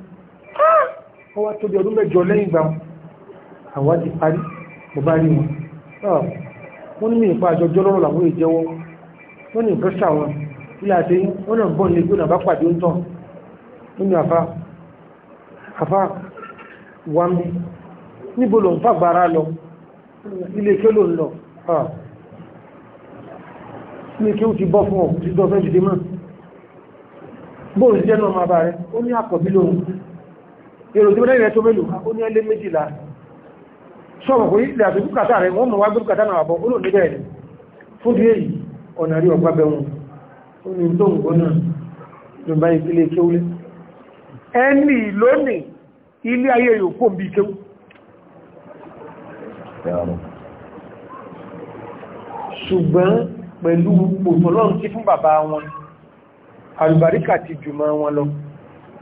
wọ́n wá tóbi ọdún mẹ́jọ lẹ́yìn ìgbà wọn àwọn ti parí mo bá rí wọn wọ́n ní nípa àjọjọ́ lọ́rọ̀ làwọn ìjẹ́wọ́ wọ́n ní nǹkan ṣàwọn ilé àti wọ́n náà bọ́ ní ìgbóná bá pàdé ń tàn wọ́n ní àfa àfa wà mí níbo ló ń fàgbára lọ ilé ike ló ń lọ ní kí ó ti bọ́ fún ọ ti dọ́fẹ́ jùdí mọ́ bóòlù jẹ́ náà máa bá rẹ ó ní àkọ́bí lóhun èrò tí ó lẹ́yìn tó mélòó ó ní ẹlé méjìlá ṣọ́bọ̀ kò ìlẹ̀ àti búkàtà rẹ̀ wọ́n mọ̀ wá búkàtà náà àbọ̀ olóòdé bẹ́ẹ̀ fún di èyí ọ̀nà rí ọgbà bẹ̀wọ̀n ó ní tó ń gbọ́ náà ló bá ìpínlẹ̀ kéwúlé ẹni lónìí ilé ayé yòókù bí kéwú ṣùgbọ́n pẹ̀lú òtọ́lọ́run tí fún bàbá wọn àlùbáríkà ti jùmọ̀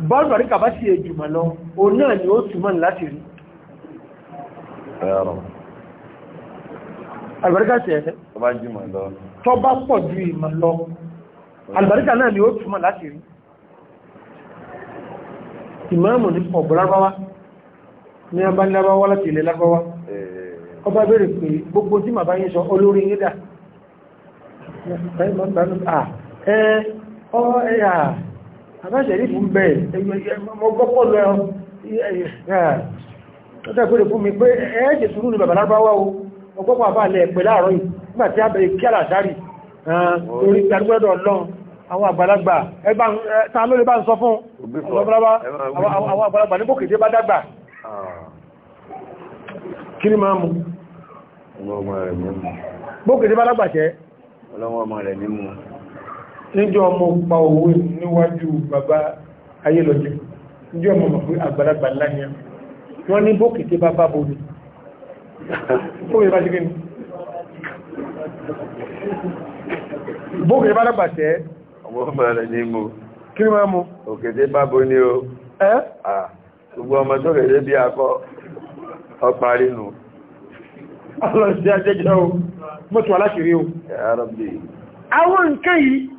bọ́ọ̀lù àríkà bá sí èjùmọ̀ lọ o náà ni ó túnmọ̀ láti rí àlùbáríkà sí ẹ̀fẹ́ tó bá pọ̀ ju ìmọ̀ lọ albarika náà ni ó túnmọ̀ láti rí ìmọ̀ọ̀mù ní ọ̀bọ̀ lábáwá ní abá láti ilẹ̀ lábáwá eh. ọba gbogbo àbáṣẹ̀rí fún bẹ́ẹ̀ mọ́gbọ́pọ̀lọ ẹ̀yẹ̀ fún mi pé ẹ̀ẹ́jẹ̀ sùúrù ní bàbá lárúbáwá o ọgbọ́pọ̀ àbálẹ̀ pẹ̀ láàárọ̀ yìí nígbàtí àbẹ̀rẹ̀ kí àlàsárì orí gbẹ̀rúgbẹ̀dọ̀ lọ́n àwọn àgbàlagbà ta ló lè bá ń sọ fún àwọn àgbàlagbà ní bókèdé bá dàgbà kí ni máa mú bókèdé bá dàgbà ṣẹ́ ọlọ́wọ́ ọmọ rẹ̀ ní mú níjọ́ ọmọ pa owó níwájú bàbá ayélọ́jẹ́ níjọ́ ọmọ mọ̀ pé àgbàlagbà láyé wọ́n ní bókìtì bàbá bòbí bókìtì bá dàgbà tẹ́ ọmọ ọmọ rẹ̀ ní mú kí ni máa mú òkèdè bá bo ní o gbogbo ọmọ tó kèdè bí akọ ọparí nù ọlọ́sí ajẹ́jẹ́ o mọ́tò aláṣìírí o àwọn nǹkan yìí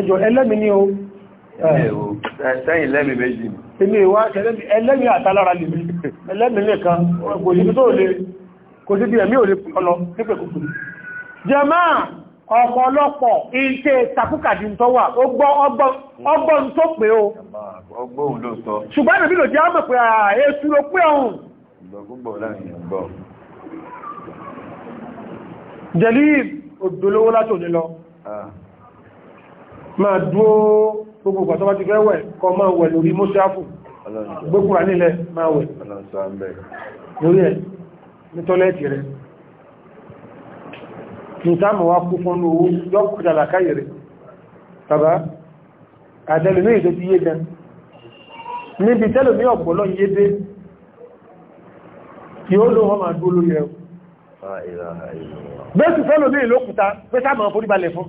ẹjọ́ ẹlẹ́mì ní o ẹ̀sẹ́yìn lẹ́mì méjì ní ìwá ẹlẹ́mì àtàlára lè mi ẹlẹ́mì nìkan kò sí tó lè kò sí bí ẹ̀mí ò lè ọlọ nípẹ̀ kòkò jẹmá ọ̀pọ̀lọpọ̀ ìṣe takúkàdì tó wà ọgbọ́n tó pé o ṣùgbọ́n ìbí lò jẹ́ ọmọ pé èsù ló pé ọ̀hún jẹ́lí òdòlówó látò nílọ ma dúó gbogbo pàtọ́ bá ti fẹ́ wẹ̀ kọ máa wẹ̀ lórí mọ́ṣáfù gbókùnrà nílẹ̀ máa wẹ̀ lórí ẹ̀ ní tọ́lẹ̀tì rẹ̀ kí n sáàmù wá kú fún owó yọ́kùnjà làkáyì rẹ̀ tàbá àtẹ́lùmí ìdó ti yé gan níbi tẹ́lùmí ọ̀pọ̀lọ́ yé dé kí ó ló wọ́n máa dúó fún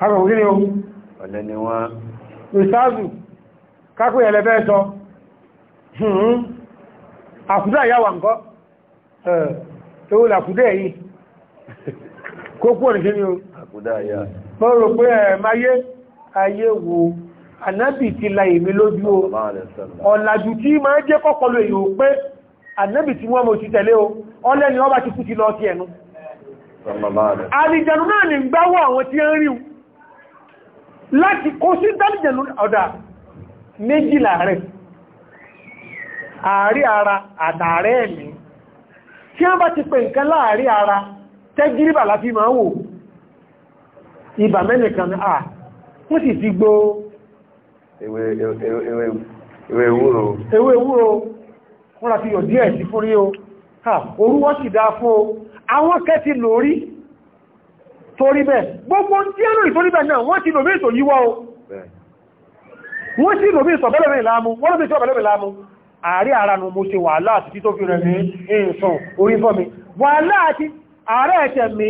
kákọ̀ òkú ní o ọ̀lẹ́ ni wọ́n ìsáàzù kákọ̀ ẹ̀lẹ́fẹ́ sọ hmm. àkúdá ìyáwà ǹkọ́ ewó làkúdá ẹ̀yìn kó pọ̀ ní kíní o àkúdá ìyá mọ́ rò pé ẹ̀ máyé ayé wo ànábì ti la èmi lójú o ọ̀làjú tí máa jẹ́ kọ́kọ́lù èyí ò pé ànábì tí wọ́n mo ti tẹ̀lé o ọlẹ́ni ọba ti kú ti lọ ti ẹnu alìjẹ̀nù náà ní gbáwọ́ àwọn tí ń ríun láti kó sí dálìjẹ̀lú ọ̀dá méjìlá rẹ̀ ààrí ara àtààrẹ ẹ̀mí tí wọ́n bá ti pè nǹkan láàrí ara tẹ́gíríbà láti máa wò ibà mẹ́nìkan à wọ́n sì ti gbó ewé ewúro ewé ewúro wọ́n ra fi yọ̀ díẹ̀ sí fún rí o orúwọ́ sì dá fún o àwọn kẹ́ ti lórí torí bẹ́ẹ̀ gbogbo tí ẹ̀rọ ìtorí bẹ́ẹ̀ náà wọ́n ti lòmí ìsò yíwọ́ o wọ́n sí lòmí ìsọ̀ bẹ́lẹ̀mẹ̀ láàmú wọ́n lòmí ìsọ̀ bẹ́lẹ̀mẹ̀ láàmú ààrẹ ara nù mo ṣe wàhálà àti tító fi rẹ̀ ní ìsàn orí fọ́ mi wàhálà àti ààrẹ ẹ̀ṣẹ̀ mi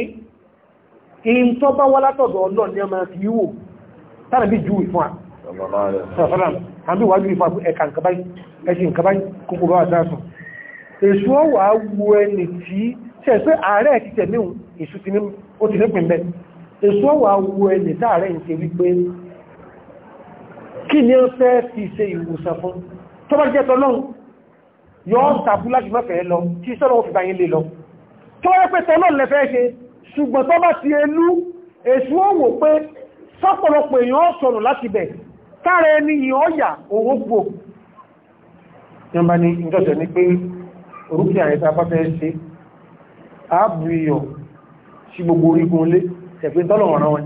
ìntọ́ bá wá látọ̀dọ̀ ọlọ́run ní ọmọ fi wò tánà bí ju èṣù ti ní ó ti nípìn bẹ́ èṣù ọwà wo ẹni táàrẹ ń ṣe wípé kí ni ó fẹ́ fi ṣe ìwòsàn fún tó bá jẹ́ tọ́lọ́run yọ́ tàbú láti mọ́fẹ́ lọ tí sọ́rọ̀ fi báyín lè lọ tó rẹ́ pé tọ́lọ́run lẹ́fẹ́ ṣe ṣùgbọ́n tó bá ti elú èṣù ó wò pé sọ́pọ̀lọpọ̀ èèyàn sọ̀rọ̀ láti bẹ̀ táàrẹ ẹni ìyọ́yà òwò gbò yọ́nbá ní ìjọsẹ̀ ní pé orúkẹ́ àyẹta bá fẹ́ ṣe ààbù iyọ̀ sí gbogbo orígun lé ṣẹ̀fẹ́ tọ́lọ̀ ọ̀ràn wọn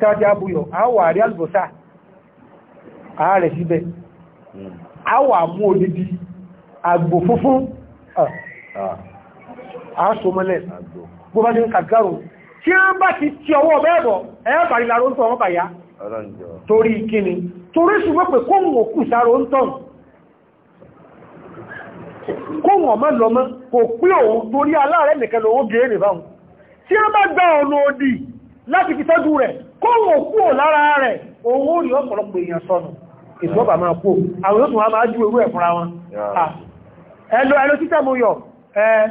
tàbí abúyọ̀ àwọ̀ àrí àlùbọ́sà ààrẹ síbẹ̀ àwọ̀ àmú odidi àgbò funfun àásomọ́lẹ̀ bó bá ní kàgbàrò tí a ń bá ti ti ọwọ́ bẹ́ẹ̀bọ̀ ẹ̀ẹ́bàrí láró ń tọ́ ọmọ bàyá torí kíni torí kò pí òun torí aláàrẹ nìkan lówó gẹ́ẹ̀rẹ̀ báhùn tí a bá gba ọ̀nà òdì láti fi tọ́jú rẹ̀ kó kú ò lára rẹ̀ òun rí ọ̀pọ̀lọpọ̀ èèyàn ọba máa kú àwọn yóò tún wá máa jú wọn ẹlò ẹlò títẹ́ mú yọ ẹ̀rẹ́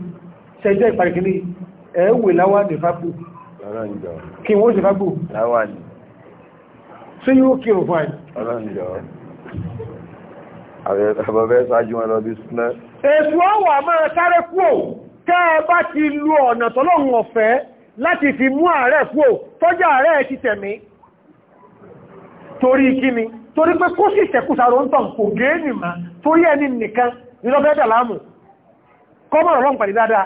ṣẹjọ́ ìparikini ẹ̀ẹ́wẹ̀ láwà ní fábù kí wọ́n ṣe fábù tí yóò kí o fáì àbẹ̀bẹ̀ sáájú wọn lọ bí súnmẹ́ èsù ọwà máa sáré kúò kẹ́ bá ti lu ọ̀nà tọ́lọ́hun ọ̀fẹ́ láti fi mú ààrẹ kúò tọ́jà ààrẹ ti tẹ̀mí torí kíni torí pé kó sì ṣẹ̀kúsàrò ń tàn kò gẹ́ẹ̀nì má torí ẹni nìkan nílọ́fẹ́ láàmù kọ́mọ̀ ọ̀rọ̀ pàdé dáadáa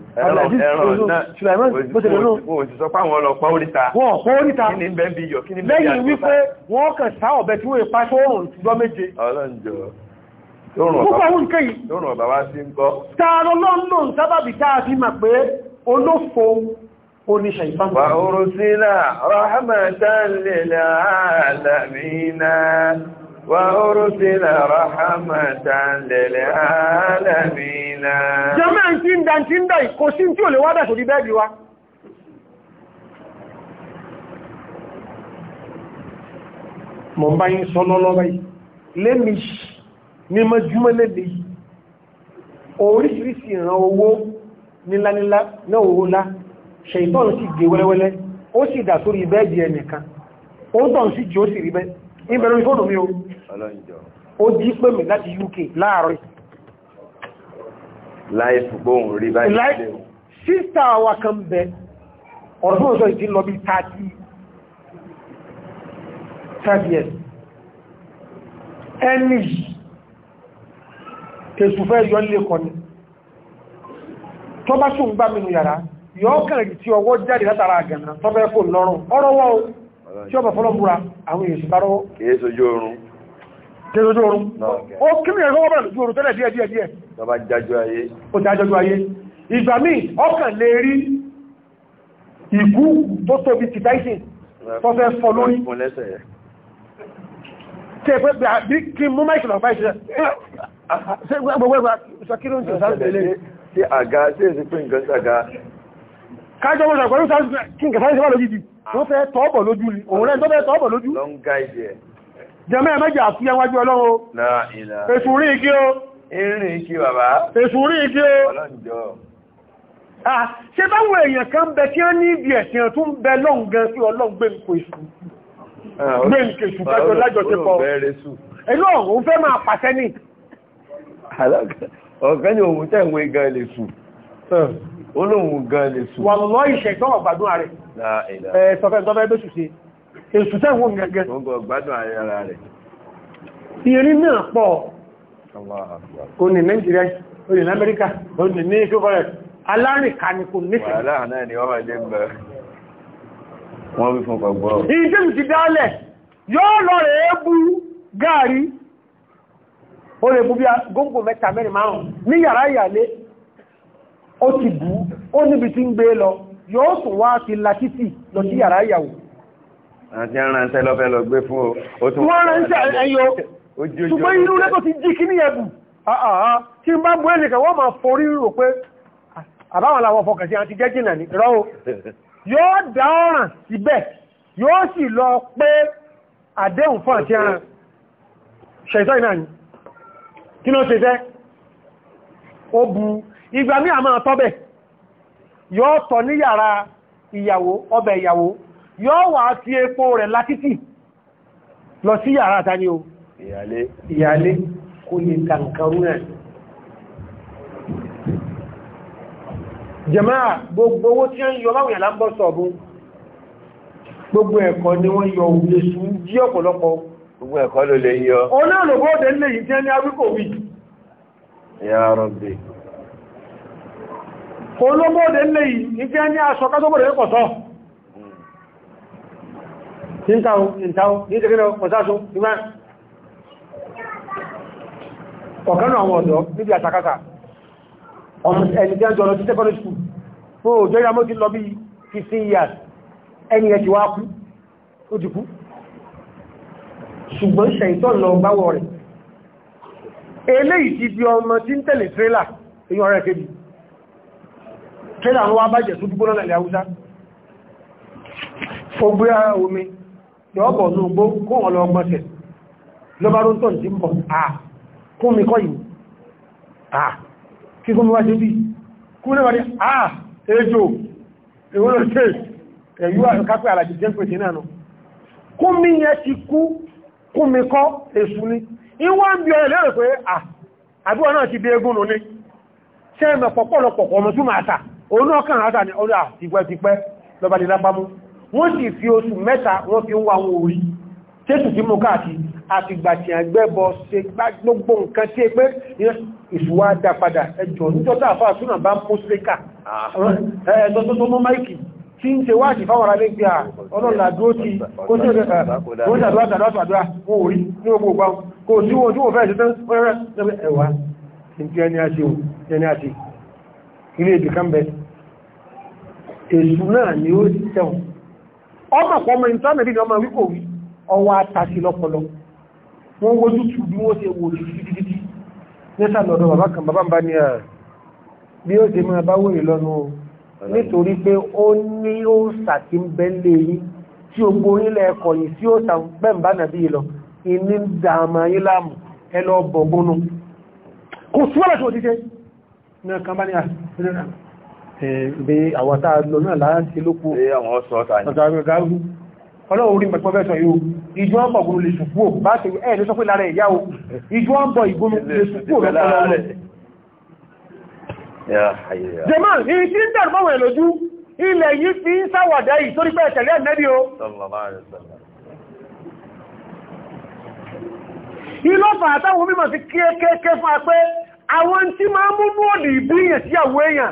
lẹ́yìn wípé wọ́n kàn sá ọ̀bẹ tí wọ́n ipá tó rùn lọ méje púpọ̀ ohun kẹ́ yìí tààrọ lọ́nà sábàbí táà fi mà pé olófo oníṣẹ́ ìfàmù wà oòrùn sílá rahmatan lil alamin وأرسل رحمة للعالمين jàmáà ń tí ń dá ń tí ń dá kò sí tí ò lè wádà sórí bẹ́ẹ̀bì wa mọ̀ bá yí sọ lọ́lọ́wọ́ yìí lẹ́mí ní mọ́júmọ́ lẹ́bí oríṣiríṣi ìran owó nílánílá náà owó lá ṣèyítọ́n sì gé wẹ́lẹ́wẹ́lẹ́ ó sì dà sórí bẹ́ẹ̀bì ẹnìkan ó tọ̀ sí jí ó sì rí bẹ́ẹ̀ ó jí pè mí láti UK láàárọ̀ láì fùgbóhùn rí báyìí lé o sísá wa kan bẹ ọdún ọ̀sọ̀ ìdí lọ bí 30 30 years ẹni yìí tẹ̀sùfẹ́ yọ lè kọ́ ni tó bá ṣùn gbá mínú yàrá yọ́ kẹrì tí ọwọ́ jáde látara àgànà tọ́bẹ́ fò lọ́rùn ọ̀rọ̀wọ́ tí ọ tẹ́lójú orun ó kí ní ẹ̀rọ ọ̀bẹ̀rẹ̀ lójú orun tẹ́lẹ̀ díẹ̀ díẹ̀ tọba jájú ayé ó jájú ayé ìgbà míì ọkàn lè rí ìkú tó tóbi ti tyson tọ́fẹ́ fọ lórí kí mú mẹ́kìlọ̀ fáìsẹ̀ gbogbo ẹgbà ìṣàkírò ń tẹ̀ sáré tẹ́lẹ̀ sí àga sí èsì pé nǹkan sàga kájọ mọ́sàn pẹ̀lú sáré kí nǹkan sáré sí wà ah. lójú di tó fẹ́ tọ́ọ̀bọ̀ lójú òun rẹ̀ tó fẹ́ tọ́ọ̀bọ̀ lójú long guide jẹmẹ́ mẹ́jà sí ẹwájú ọlọ́run èsùrí ikí o ìrìn ikí bàbá èsùrí ikí o ọlọ́njọ́ ṣe báwọn èèyàn kan bẹ tí wọ́n ní ibi ẹ̀sìn tún bẹ lọ́ngan sí ọlọ́run gbé nǹkan èṣù gbé nǹkan èṣù tájọ lájọ ti pọ̀ ẹ̀lú ọ̀run fẹ́ máa pàṣẹ ní ọ̀gẹ́ ni òun tẹ̀wé gan lè sùn olóhun gan lè sùn wà lọ́ ìṣẹ̀gbọ́n ọ̀gbàdún ààrẹ ẹ̀ẹ́sọ̀fẹ́ èsù tẹ́wọ̀n gẹ́gẹ́ ìrìn náà pọ̀ o ní Nigeria ní Amẹ́ríkà o kò ní sí wọ́n lè bú bí i góngò mẹ́ta mẹ́rin márùn ní yàrá ìyàlé ó ti bú ó níbi tí ń gbé lọ yóò tún wá ti latítì lọ sí yàrá ìyàwó àti aránṣẹ́ lọ́fẹ́ lọ gbé fún wọ́n ránṣẹ́ ẹyọ ṣùgbọ́n inú lẹ́tọ̀ ti jí kí ní kí bá bú wọ́n forí rò pé ah, àbáwọn làwọn sí àti ní rọ́ yóò dá ọ̀ràn síbẹ̀ yóò sì lọ pé àdéhùn fún àti ṣẹ̀tọ́ ni kí ló ṣe fẹ́ ó bu ìgbà àmà tọ́bẹ̀ yóò ní yàrá ìyàwó ọbẹ̀ ìyàwó yóò wà fi epo rẹ̀ látítì lọ sí yàrá àtàní o ìyàlé kò lè tàǹkarú náà jẹmáà gbogbo owó tí ó ń yọ láwọn ìyàlá ń bọ́ sọ̀bún gbogbo ẹ̀kọ́ ni wọ́n yọ òun lè sún jí ọ̀pọ̀lọpọ̀ gbogbo ẹ̀kọ́ ló lè yọ olóòlògbò òdè lè yìí tí ó ní awíkò wí ya Rabbi olóòlògbò òdè lè yìí tí ó ní aṣọ tí ń táwọn ìntáwọn ní ìtẹ́kẹ́lẹ̀ pọ̀sáṣún ìmá ọ̀kanú àwọn ọ̀dọ́ níbi àtàkátà ẹni tí a ń jọ lọ sí secondary school fún òjò ìyàmó ti lọ bí 15 years ẹni ẹ̀ wá kú ó ti kú ṣùgbọ́n ṣẹ̀ìtọ́ lọ báwọ̀ rẹ̀ eléyìí ti di omi yọ́bọ̀ ní ogbó kó wọn lọ gbọ́sẹ̀ lọ́bárún tó jí mọ̀ àà kún mi kọ́ yìí àà kí kún mi wá ṣe bí kún lẹ́wàá ní àà ejò ìwọ́n lọ́tẹ́ ẹ̀yú àkápẹ́ àlàjì jẹ́ pẹ̀sẹ̀ náà nù kún mi yẹ ti kú kún mi kọ́ èṣù ni ìwọ́n bí ọ̀rẹ́ lérò pé à àbúrò náà nù wọ́n sì fi oṣù mẹ́ta wọ́n fi ń wá wọn orí tẹ́sù tí mú káàkiri àtìgbà tí àgbẹ́bọ̀ ṣe gbogbo nǹkan tí pé ìṣúwá dá padà ẹjọ́ níjọ́ta àfáà súnà bá mú síkà ah. ẹ̀ẹ́dọ́ tó mọ́ máìkì tí ń ṣe wáàdì fáwọn ará lẹ́gbẹ́ à ọlọ́lá dúró tí kó tí ó rẹ̀ kó tí àdúrà tàbí àdúrà wọ́n orí ní ogbò ọgbà kò tí wọ́n tí wọ́n fẹ́ ṣetán rẹ̀ ẹ̀wà tí ẹni àti ẹni àti ilé ìdìkan bẹ èṣù náà ni ó tẹ̀wọ̀n ọmọ ọmọ ìntánẹ̀bí ni ọmọ wíkò wí ọwọ́ àtàṣì lọ́pọlọ wọ́n wójú tù bí wọ́n ṣe wò ní títítítí nẹ́sà lọ́dọ̀ bàbá kan bàbá ń bá ní ààrẹ bí ó ṣe máa bá wòye lọ́nu nítorí pé ó ní ó sàtí ń bẹ́ lé yín tí ó gborí lẹ́ẹ̀kọ̀ yìí tí ó bí àwọn tàà lọ náà láti lókù ọlọ́run rí mẹ́pọ̀ bẹ́sọ̀ yóò ìjú ọ̀pọ̀ gúrú lè ṣùgbò bá ṣe ẹ̀ ló sọ pé lára ìyá o ìjú ọ̀pọ̀ ìgbónú lè ṣùgbò rẹ̀ jẹ́mọ́ ní tí ń dẹ̀rù mọ́wẹ̀ lójú ilẹ̀ yìí fi ń sáwàdá yìí torí pé ẹ̀tẹ̀lẹ́ mẹ́bí o ìlọ́fà àtàwọn mímọ̀ sí kéékèèké fún apẹ́ àwọn tí máa mú mú òdì ìbíyàn sí àwọ èèyàn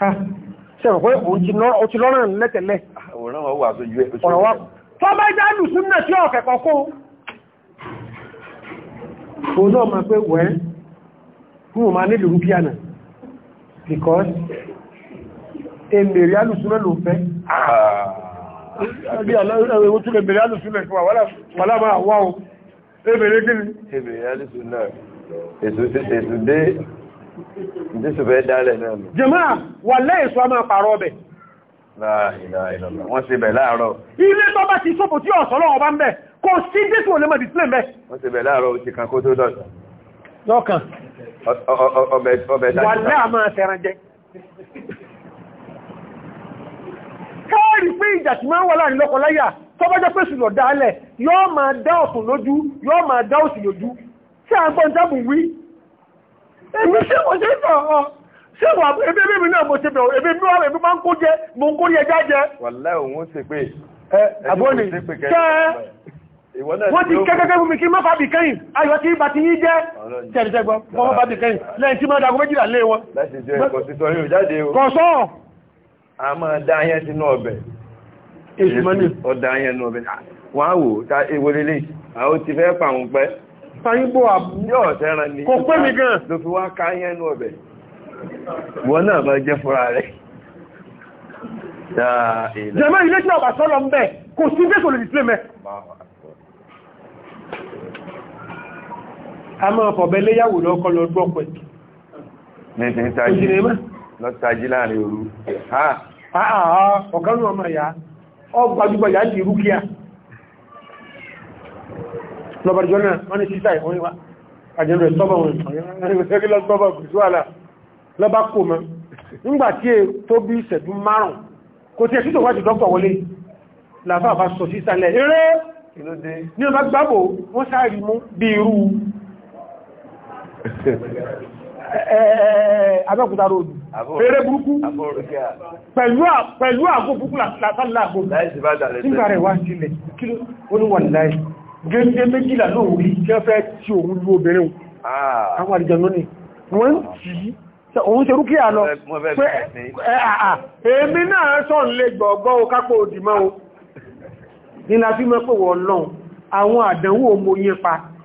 sẹ́wọ̀n pé o ti lọ́rọ̀ lẹ́tẹ̀lẹ́ tó bá já lù súnnà tí ọ̀ kẹ̀kọ́ kó o náà ma pé wẹ́ fún o ma nílò rúpíànà because èmèrè alùsúnnà ló fẹ́ ah. ah, ẹwẹ́ tún èmèrè alùsúnnà fún wàlá máa wá o èmèrè gíní èmèrè alùsúnnà èsùdé Jésù bẹ́ẹ̀ dálẹ̀ náà lọ. Jàmáà wà lẹ́ẹ̀sọ a máa pààrọ̀ ọbẹ̀. Wọ́n ṣe bẹ̀ láàárọ̀. Ilé tó bá ti sópò tí ọ̀sán lọ́wọ́ bá ń bẹ̀, kò sí Jésù olè mọ̀dí sílẹ̀ mẹ́. Wọ́n ṣe bẹ̀ láàárọ̀ oṣù kan kó tó dọ̀tà. Lọ́kàn. Ọbẹ̀ dájú. Wà lẹ́à máa tẹran jẹ. Káàrí pé ìjà tí máa ń wà láàrin lọ́kọ láyà, tó bá jẹ́ pé sùn lọ dálẹ̀, yóò máa dá ọ̀tún lójú, yóò máa dá òsì lójú. Tí a ń gbọ́n jábùn wí, èmi ṣé mo ṣe fọ̀ ọ́ ṣé wà ebi ebi mi náà mo ṣe fọ̀ ebi mi wà ebi máa ń kó jẹ mo ń kórí ẹja jẹ. wàlẹ́ òun ṣe pé àbọ̀nì kẹ́ wọ́n ti kẹ́kẹ́kẹ́ fún mi kí mọ́fà bí kẹ́yìn ayọ̀ tí bá ti yí jẹ́ tẹ́lẹ̀tẹ́gbọ́ mọ́fà bí kẹ́yìn lẹ́yìn tí mọ́dá agogo méjìlá lé wọn. lẹ́sìn jẹ́ kọ̀sítọ́ yóò jáde a máa dá ayẹ́ sínú ọbẹ̀. èsì mọ́ni. ọ̀dá ayẹ́ sínú ọbẹ̀ wọ́n á wò ta ewolele àwọn ti sáyíbò àbú yóò tẹ́ran ní kò pé mi gan ló fi wá ká yẹnu ọ̀bẹ̀ wọ́n náà bá jẹ́ fúra rẹ̀ jẹ́mọ́ ilé tí ọba sọ́lọ ń bẹ̀ kò sí gbé kò lè dìtílé mẹ́ a máa fọ̀bẹ̀ léyàwó lọ́kọ́ lọ dún ọ̀pẹ̀ lọ́tají láàrin òru ọgbàjúgbàjá di rúkíà lọ́bàá jọ náà wọ́n ni títà ìwọ́n wá àjẹ́rù ẹ̀sọ́bà wọn lọ́bàá bùsùwàlà lọ́bàá kò mọ́ nígbàtí è e tó bí ìṣẹ́jú márùn kò tí ẹ̀sùn tó wájú dọ́kọ̀ wọlé làfáà bá sọ sísàlẹ̀ eré ní ọba gbábò wọ́n sáàrí mú bí irú abẹ́kúta ròdù eré burúkú pẹ̀lú àgó burúkú látàlá àgó nígbà rẹ̀ wá sílẹ̀ kí ló wà láìsí gẹ́gẹ́ méjìlá lóòrí tí ó fẹ́ tí òun lú obìnrin ah. àwọn àdìjànú ni wọ́n tí òun ṣe rúkíà lọ pé èmi náà sọ́n lè gbọ̀gbọ́ o kápò òdìmọ́ o nílá fí mọ́ pé wọ́n lọ́n àwọn àdánwò mo yẹn pa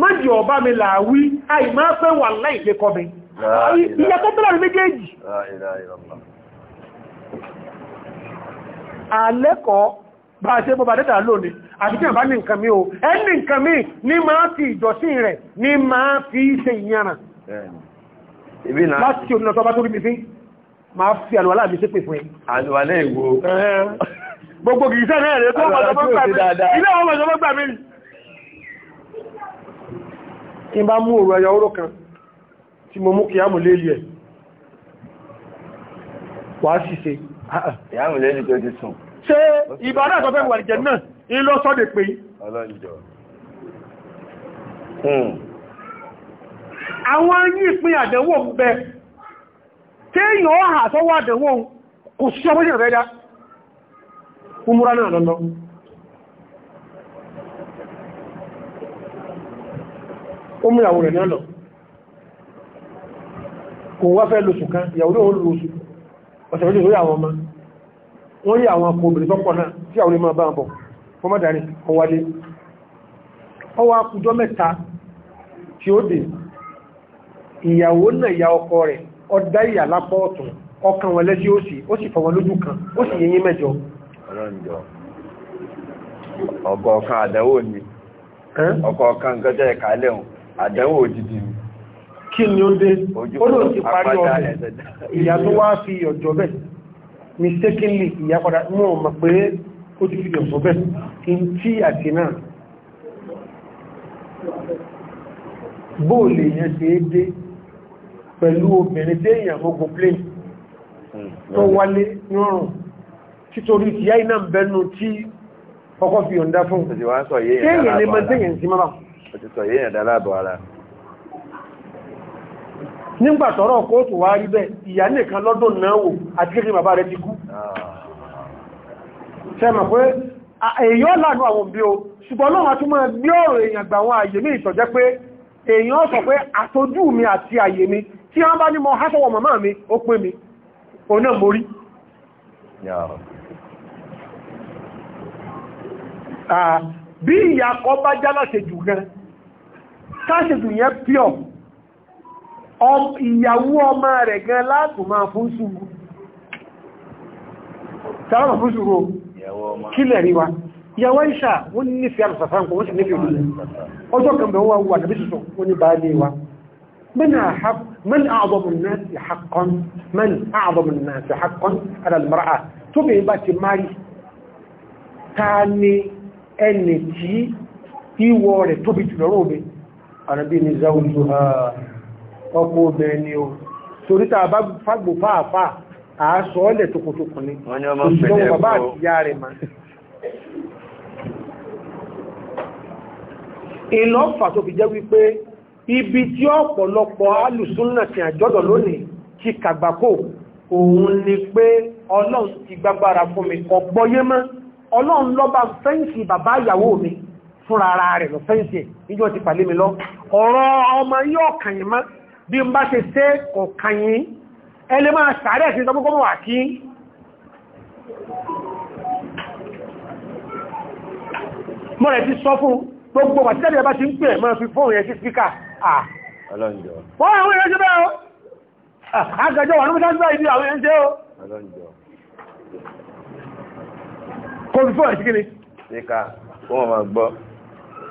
mọ́jì ọba mi làwí àìmá fẹ́ wà láìlé kọmi ìyàtọ̀ tó láàrin méjèèjì alẹ́kọ̀ọ́ bá ṣe bọ́bá dẹ́ta lónìí àti kí àbá ní nǹkan mi o ẹni nǹkan mi ní máa fi ìjọsìn rẹ̀ ní máa fi ṣe ìyànà láti òmìnà tó bá tó rí mi fi máa fi àlùwàlá mi sí pè fún ẹ àlùwàlá ìwò gbogbo kìí sẹ́ tí bá mú òru ẹyọ oró kan tí mo mú kìyàmù lélì ẹ̀ wàá sì ṣe ah, ah. kìyàmù lélì tó ti sùn ṣe ìbádà tó fẹ́ wà ìjẹ náà ilọ́ sọ́dẹ̀ pé hmm. àwọn yí ìpín àdẹ̀wò ń bẹ téèyàn ọ̀hà sọ́wọ́ àdẹ̀wò kò sí ọmọ ìrẹ́dá umura náà lọ́lọ́ ó mú ìyàwó rẹ̀ náà lọ kò wá fẹ́ lóṣù kan ìyàwó náà lóṣù ọ̀sẹ̀ méjì lórí àwọn ọmọ wọ́n yí àwọn akọ obìnrin tọ́pọ̀ náà tí àwọn ilé máa bá bọ̀ fún mọ́dàrí ọwálé ọwá akùjọ mẹ́ta tí ó dé ìyàwó náà ìyá ọkọ rẹ̀ ọdá ìyà lápọ̀ ọ̀tún ọkàn wọn lẹ́sí ó sì ó sì fọ́ wọn lójú kan ó sì yẹyìn mẹ́jọ ọkọ̀ àdẹ́wò ni ọkọ̀ ọ̀kan gẹ́jẹ́ ìkàlẹ̀ àdánwò òjijì ni kí ni ó dé olóòtú parí ọ̀rẹ́ ìyá tó wá fi ọjọ́ bẹ́ẹ̀ mistakenly ìyá padà mọ́ ọmọ pé ó ti fi ọ̀sọ̀ bẹ́ẹ̀ kí n tí àti náà bóòlè yẹn ṣe é dé pẹ̀lú obìnrin tí èèyàn gbogbo plane hmm, tó wálé rọrùn títorí tí yá iná bẹnu tí ọkọ̀ fi yọ̀ǹda fún èèyàn ni mọ́ tẹ́yìn sí mọ́ ó ti sọ yéèyàn dáláàbọ̀ ara nígbà tọ́rọ̀ kóòtù wá rí bẹ́ẹ̀ ìyá nìkan lọ́dún náà wò àti kékeré bàbá rẹ̀ ti kú sẹ́mọ̀ ah. pé èyàn lànà àwọn òbí o ṣùgbọ́n náà wọ́n tún máa gbé ọ̀rọ̀ èèyàn gbà wọn àyè ní ìtọ̀jẹ́ pé èèyàn sọ pé àtọ́jú mi àti àyè mi tí wọ́n bá ní mọ hásọ̀wọ̀ màmá mi ó pé mi o náà mórí ah, bí ìyàkọ́ bá jálàṣe jù gan-an káṣẹ̀tù yẹn píọ̀ ìyàwó ọmọ rẹ̀ gan látò máa fún ṣùgbù tààmà fún ṣùgbù kílẹ̀ rí wa ìyàwó ìṣà wọ́n ní fi àrùsàfáǹkọ̀ wọ́n sì من أحب من أعظم الناس حقا من أعظم الناس حقا على المرأة tóbi bá ti mari ta ni ẹni tí ìwọ rẹ̀ tóbi jùlọ rọ̀ obìnrin àrẹ́bí ni záwùjú ọkọ̀ obìnrin ni o torí tàà bá fàgbò fàáfà àásọ́ọ́lẹ̀ tókùtókùn ni òṣìṣẹ́ bàbá àti ìyá rẹ̀ ma ìlọ́fà tó fi jẹ́ wípé ibi tí ọ̀pọ̀lọpọ̀ alùsúnnà ti àjọ́dọ̀ lónìí ti kàgbàkò òun ni pé ọlọ́run ti gbágbára fún mi ọ̀gbọ́yé mọ́ ọlọ́run lọ́ba fẹ́ǹsì bàbá ìyàwó mi fúnra ara rẹ̀ lọ fẹ́ǹsì níjọ́ ti pàlé mi lọ ọ̀rọ̀ ọmọ yóò kàyìn mọ́ bí n bá ṣe ṣe kò kàyìn ẹlẹ́ máa sàárẹ̀ sí ìtọ́gbọ́gbọ́ wà kí mọ́ rẹ̀ ti sọ fún gbogbo wà títẹ́lẹ̀ ẹbá ti ń pè mọ́ fi fóòrùn ẹ̀ sí spíkà àà ọlọ́njọ́ wọ́n àwọn èèyàn ṣe bẹ́ẹ̀ o àgàjọ wà ní mọ́sán gbá ibi àwọn èèyàn ṣe o ọlọ́njọ́ kò fi fóòrùn ẹ̀ sí kí ni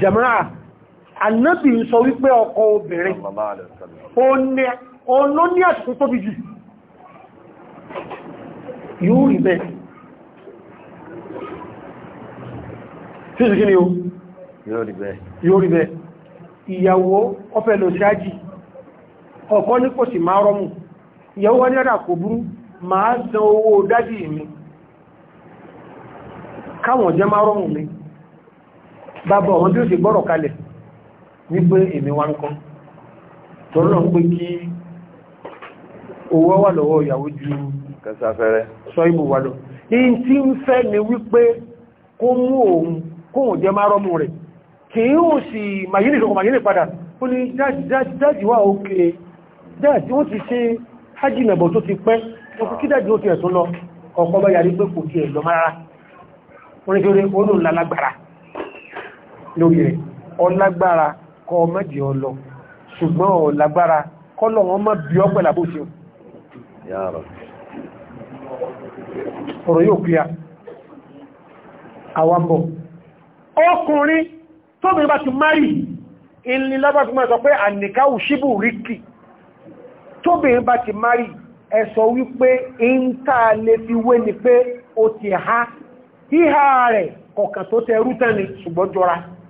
jama'a annabi ń sọ wípé ọkọ obìnrin ọ̀nà ní àṣìkò tóbi jù yóò rí bẹ́ẹ̀ tí ó sì kí ni ó yóò rí bẹ́ẹ̀ ìyàwó ọfẹ́ lọ sí ájì ọkọ ní kò sì máa rọ́mù ìyàwó wọ́n ní ọ̀dà kò burú máa san owó dájì mi káwọn jẹ máa rọ́mù mi bàbá àwọn bí ó ṣe gbọ́rọ̀ kalẹ̀ wípé èmi wá ń kọ́ torí náà ń pé kí owó wà lọ́wọ́ ìyàwó ju kẹsàfẹ́rẹ́ sọ ìbò wà lọ in tí ń fẹ́ ni wípé kó mú òun kóhùn jẹ máa rọ́mù rẹ̀ kì í hùn sí màyínì tó kọ màyínì padà ó ní dájì wà òkè dájì ó ti ṣe hajjìnàbọ̀ tó ti pẹ́ kí dájì ó ti ẹ̀tún lọ ọ̀pọ̀ bá yàrí pé kò ti ẹ̀ lọ mara oníkéré olóòlà lágbára lórí rẹ̀ ọlágbára kọ ọmọdé ọlọ ṣùgbọ́n ọlágbára kọ́lọ̀ wọn mọ́ bí ọ́ pẹ̀lá bó ṣe ọ̀rọ̀ yóò kúyà àwambọ̀ ọkùnrin tó bí bá ti márì ilẹ̀ lábàtúmọ̀ sọ pé ànìkáwù ṣíbù ríkì tó bí bá ti márì ẹ̀sọ wípé in táa lè fi wé ni pé ó ti ha híhá rẹ̀ kọ̀kàn tó tẹ rútẹ́ni ṣùgbọ́n jọra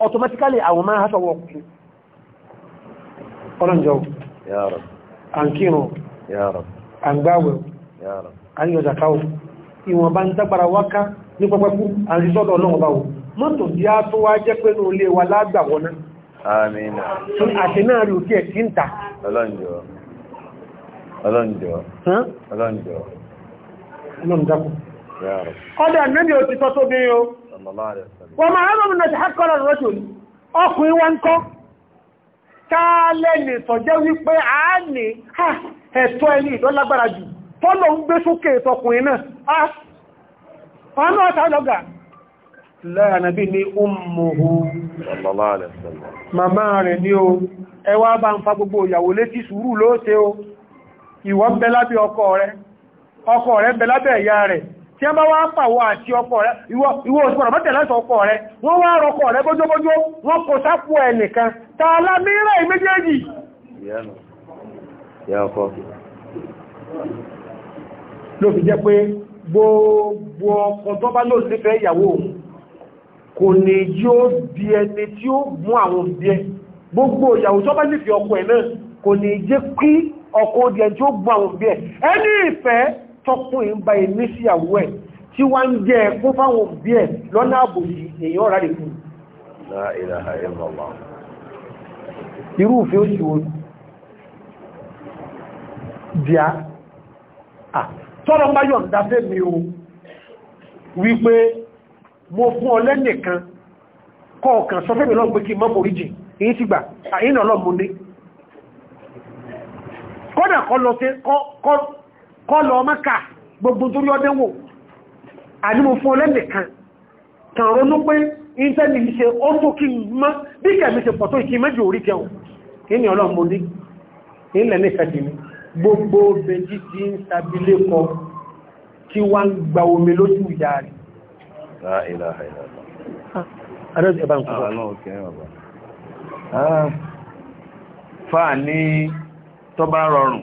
automatically àwọn máa hásọ̀ wọ́n kú ọlọ́njọ́ àǹkírùn àǹgbáwẹ̀ àríyànjàkáwò ìwọ̀n bá ń dágbàra wáká ní pẹ́pẹ́kú àrísọ́dọ̀ ọlọ́ọ̀báwò mọ́tò tí a tó wá jẹ́ pé ní olé wa lágbàwọ́ná àmìnà tún àṣẹ náà rí òkè ẹ̀kí ń ta ọlọ́njọ́ ọlọ́njọ́ ọlọ́njọ́ ọlọ́njọ́ wọ́n máa rọ́mù náà ṣàkọ́rọ̀ rọ́ṣò ọkùnrin wọ́n kọ́ káàlẹ́nì tọ́jẹ́ wípé a ní ẹ̀tọ́ ẹni ìdọ́lágbára jù tọ́lọ ń gbé sókè tọkùnrin náà ọ̀nà ọ̀tàlọ́gà lẹ́rànàbí ní ummuhu ní o tí a bá wá pàwọ́ àti ọkọ rẹ̀ ìwọ òṣùpọ̀rọ̀ mọ́tẹ̀lẹ́sọ ọkọ rẹ̀ wọ́n wá rọkọ rẹ̀ bójóbójó wọ́n kò sápò ẹnìkan tààlá mìíràn méjèèjì ló fi jẹ́ pé gbogbo ọkọ tó bá lóòsí fẹ́ ìyàwó kò ní jí ó di ẹni tí ó mú àwọn òbí ẹ gbogbo ìyàwó tó bá nífẹ̀ẹ́ ọkọ ẹ̀ náà kò ní jẹ́ kí ọkọ di ẹni tí ó mú àwọn òbí ẹ ẹni ìfẹ́ tọ́kùn ìbá ilé sí àwọ́ ẹ̀ tí wá ń jẹ́ ẹkún fáwọn òbí ẹ̀ lọ́nà àbòsí èyàn ọ̀rá rẹ̀ fún irúfẹ́ oṣù wọn díá tọ́rọ bá yọ̀ ǹdáfẹ́ mi o wípé mo fún ọ lẹ́nìkan kọ̀ọ̀kan sọ fẹ́mi lọ́gbé kí mọ́ foríjì èyí ti gbà àyínà lọ́mọdé kọ́dà kọ́ lọ sí kọ́ kọlọ ọmọkà gbogbo torí ọdẹ́wò àdímò fún ọlẹ́nìkan tààrọ ló pé ìntẹ́ni ṣe ó tó kí mọ́ bí kẹ̀mí ṣe pọ̀tọ́ ìkí méjì orí jẹun kíni ọlọ́mọdé ilẹ̀ nífẹ̀ẹ́dì ni gbogbo bèjì tí ń sàbílé kọ kí wá ń gba omi lójú ìyá rẹ̀ ah, ah, ah, fáà ní tó bá rọrùn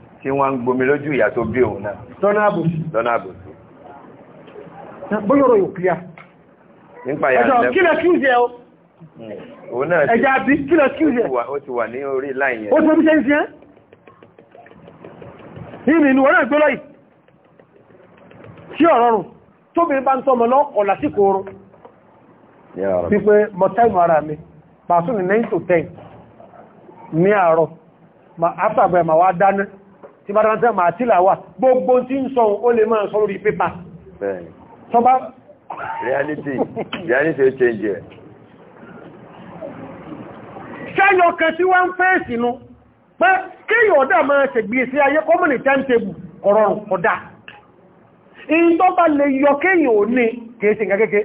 tí wọ́n ń gbomi lójú ìyá tó bí òun náà lọ́nà àbòsí lọ́nà àbòsí bóyọ̀rọ̀ yóò kíyà nípa ìyá ẹ̀jọ̀ kílẹ̀ kíúzẹ̀ o hmm. òun náà ti ẹ̀já bí kílẹ̀ kíúzẹ̀ ó ti wà ní orí láìyẹn ó tó bí ṣe ń ṣe ń ní ìlú ọ̀rẹ́ ìgbélọ́ ara mi pàṣún ní 9 to 10 ní àárọ̀ after àgbẹ̀ mà wá dáná tí bá rántí àmà àtílà wà gbogbo tí ń sọ ó lè máa sọ lórí pépà sọba reality reality ó change ẹ̀ ṣẹ́yọ kan tí wọ́n ń fẹ́ sínú pé kíyàn ọ̀dá máa ṣègbé sí ayé kọ́mọ̀nì timetable kọ̀rọ̀rùn ọ̀dá in tó bá lè yọ kíyàn ò ní kèèsì nǹkan kéèké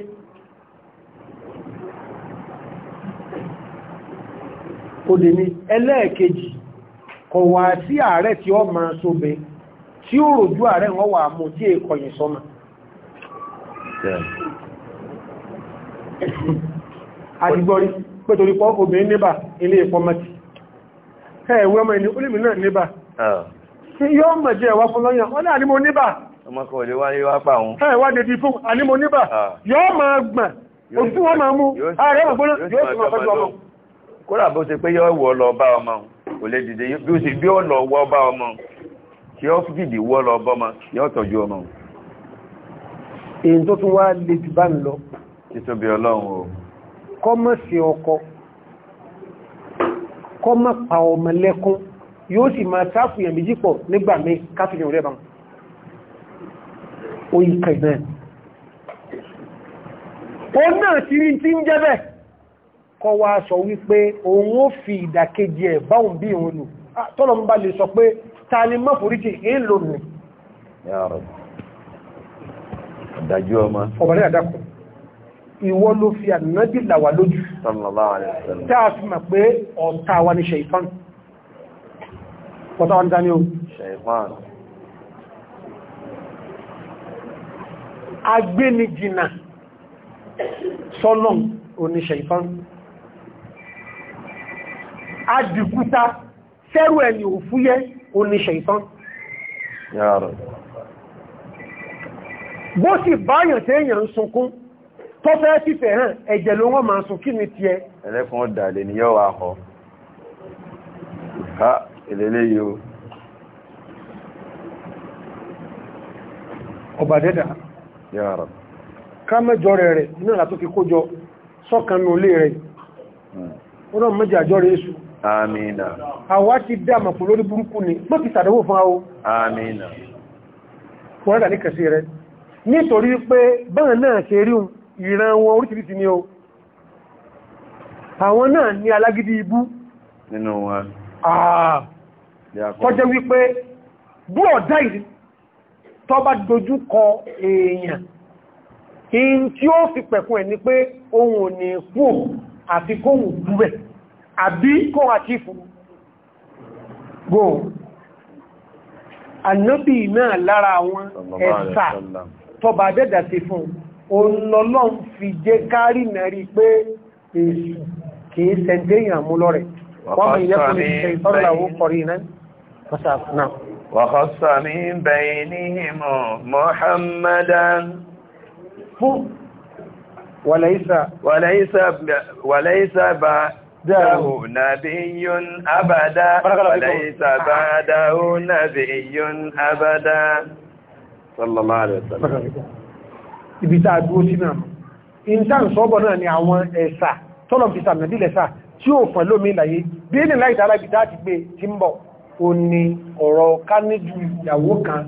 ó lè ní ẹlẹ́ẹ̀kejì kọ̀ wá sí ààrẹ tí ó máa sóbe tí ó rò ju ààrẹ wọn wà mú tí èkọ yìí sọmọ àdìgbọ́rí pẹ́tòrí pọ́ obìnrin níbà ilé ìpọmọ́tì ẹ̀wẹ́ ọmọ ìní olèmì náà níbà ah. yóò mọ̀ jẹ́ ẹ̀wà fún náà níbà ọmọkọ̀ olè wá pa òun fún níbà ah. yóò gbọ̀n mú ààrẹ yóò sì fẹ́ kò lè dìde bí ó ṣe bí ó lọ wọ́ bá ọmọ tí ó dìde wọ́ lọ bọ́mọ yóò tọ́jú ọmọ. èyí tó tún wá lè ti bá mi lọ. títóbi ọlọ́run o. kọ́ mọ̀ sí ọkọ kọ́ pa ọmọ lẹ́kún yóò sì máa sáàfù yẹn méjì pọ̀ nígbà mi káfíìn rẹ̀ bá ó yí kẹ̀ náà. òun náà ti rí ti ń jẹ́ bẹ́ẹ̀ kọ́ wá sọ wípé òun ó fi ìdàkejì ẹ̀ báhùn bí òun lò ah, tọ́lọ̀ ń bá lè sọ pé ta ni mọ́ fòríkì èèlò nì ìdájú ọmọ ọ̀bẹ̀rẹ̀ àdákùn ìwọ ló fi ànábì làwà lójú tá a fi mọ̀ pé ọ̀tá wa ni o ṣẹ̀ìfán adìkúta sẹ́rù ẹni òfúyẹ́ oníṣẹ́ ìtàn bó sì báyàn tí èyàn ń sunkún tó fẹ́ fífẹ̀ hàn ẹ̀jẹ̀ ló wọ́n máa sùn kí ni ti ẹ ẹlẹ́kùn ọ̀dàlẹ̀ ni yọ́ wa họ ha ìlélé yóò ọba dẹ́dà ká mẹ́jọ rẹ̀ rẹ̀ náà látó fi kójọ sọ́kànnù olé rẹ̀ ó hmm. mẹ́jọ àjọ rẹ̀ èṣù àmìnà àwa ti dáàmà pò lórí burúkú ni bó ti sàdánwò fún àwọ àmìnà kùnrádà ní kẹsí rẹ nítorí pé báwọn náà ṣe rí ìran wọn oríṣiríṣi ni o àwọn náà ní alágídí ibú nínú wọn ah. tọ́jẹ́ wípé bú ọ̀dá ìrí tọ́ bá dojú kọ èèyàn in tí ó fi pẹ̀kún ẹ̀ ni pé àbí kó àtífù go annabi náà lára àwọn ẹ̀sà tọba dẹ́dà sí fún olọ́lọ́n fi jẹ́ kárí nàrí pé èsù kìí sẹ́dẹ̀yàn mú lọ́rẹ̀ wọ́n mú ìyẹ́kùnrin ṣe ìtọ́lọ̀wó kọrí náà وخص من بينهم محمدا وليس وليس وليس بعده نبي أبدا وليس بعده نبي أبدا صلى الله عليه وسلم ibi tá a dúró sí náà ìntà ìṣọ́bọ̀ náà ni àwọn ẹ̀sà tọ́lọ̀ fi sàmìlì lẹ́sà tí ó fẹ́ lómi ìlàyé bí ní láìta alábi tá ti gbé tí ń bọ̀ o ní ọ̀rọ̀ káníjú ìyàwó kan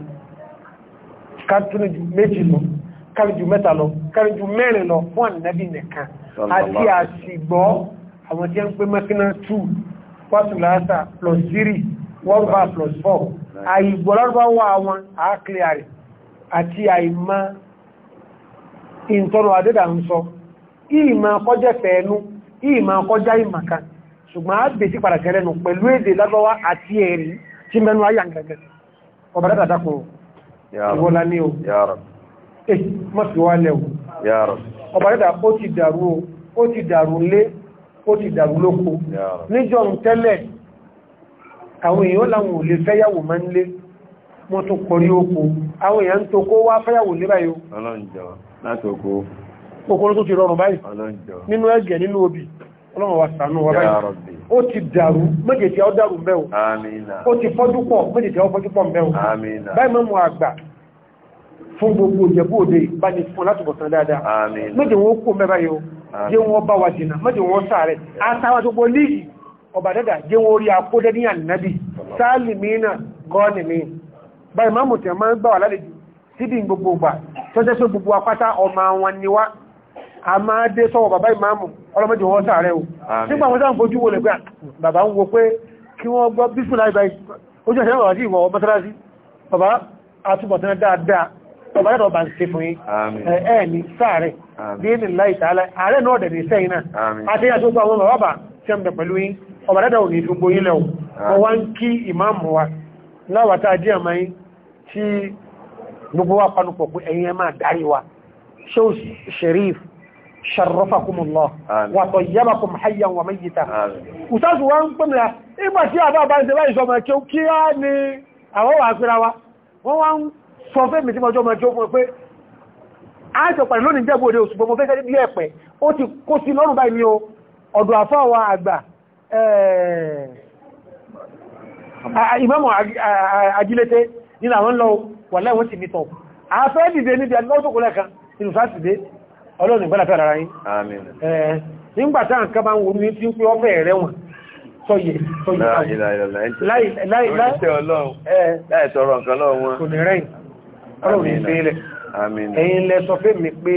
káníjú àwọn tí a ń pè mẹ́kínà 2 pọ́tùláṣà plus 3 wọ́nfà plus 4 àìgbọ́lọ́rọ̀wọ́ àwọn àákìlẹ̀ àti àìmá ìntọ́rọ̀ àdẹ́dà ń sọ ìmá kọjẹ́ fẹ́ẹ̀nú ìmá kọjá ìmàkà ṣùgbọ́n a bèsí padà gẹ́rẹ́nu pẹ̀lú èdè lọ́lọ́wọ́ àti ẹ̀rí tí mẹ́nu ayà ń gẹ́gẹ́ ọ̀bẹ̀rẹ́ dàdákùnrùn ìwọ́lá ní o eh, mọ́síwálẹ̀ o ọ̀bẹ̀rẹ́ dà ó ti dàrú lé ó ti dàrú lóko níjọ́ ń tẹ́lẹ̀ àwọn èèyàn láwọn ò lè fẹ́yàwó máa ń lé wọ́n tó kọrí oko àwọn èèyàn tó kó wá fẹ́yàwó lé báyìí okòrò tó ti rọrùn báyìí nínú ẹgbẹ̀ nínú obì ọlọ́run wa ṣàánú wa báyìí ó ti dàrú méjèèjì ó dàrú mẹ́o ó ti fọ́jú pọ̀ méjèèjì ó fọ́jú pọ̀ mẹ́o báyìí mọ́mù fún gbogbo ìjẹ̀bú òde bá fún látùbọ̀tán dáadáa méjèèjì wọn ó kú mẹ́ jẹ́ wọn bá wa jìnà mọ́jẹ̀ wọn sáré àtàwà tó gbọ́lé ọba dẹ́dà jẹ́ wọn orí akódẹ́ ní ànìyàn sáàlì mìíràn gọ́ọ̀nì mi báyìí máa mùtẹ̀ máa ń gbà wà lálejò síbi gbogbo gbà tọ́jẹ́ só gbogbo apáta ọmọ wọn ni wá a máa dé sọ́wọ́ bàbá ìmáàmù ọlọ́mọdé wọ́n sàárẹ̀ o nígbà wọn sáà ń fojú wo lè pé bàbá ń wo pé kí wọ́n gbọ́ bísùn láìbáyìí ojú ẹ̀sẹ̀ wọ́n sí ìwọ̀ mọ́sálásí bàbá àtúbọ̀tán dáadáa ọbàdàdà ọba ń ṣe fún yí ẹ̀ẹ̀ni sáàrẹ̀ bí ní láì tààlà ààrẹ náà dẹ̀ ní sẹ́yìn náà àti yà tó gbà wọn ọba tí ẹmẹ̀ pẹ̀lú yí ọbàdàdà òní fún gbóyí lẹ́wọ̀ wọ́n ń kí ìmáàmù wa láwàtà díẹ̀ àmáyí tí gbogbo wa panupọ̀ pé ẹ̀yin ẹ máa darí wa sheikh sherif sharrafakumullah wa tayyabakum hayyan wa mayyita ustaz wa ń pèmìlà ìgbà tí àbá bá ń ṣe báyìí sọmọ kí á ní àwọn wà wọ́n wá ń sọ fẹ́ mi tí mọ́jọ́ mọ́jọ́ fún pé àjọ pàdé lónìí jẹ́ gbòdè oṣù gbogbo fẹ́fẹ́ bí ẹ̀pẹ̀ ó ti kó sí lọ́rùn báyìí ni o ọ̀dọ̀ àfáwà àgbà eh, ìmọ́mọ̀ ọlọ́run nǹkan ní ọlọ́run ìfẹ́lẹ̀ ẹ̀yin lẹ sọ fẹ́ mi pé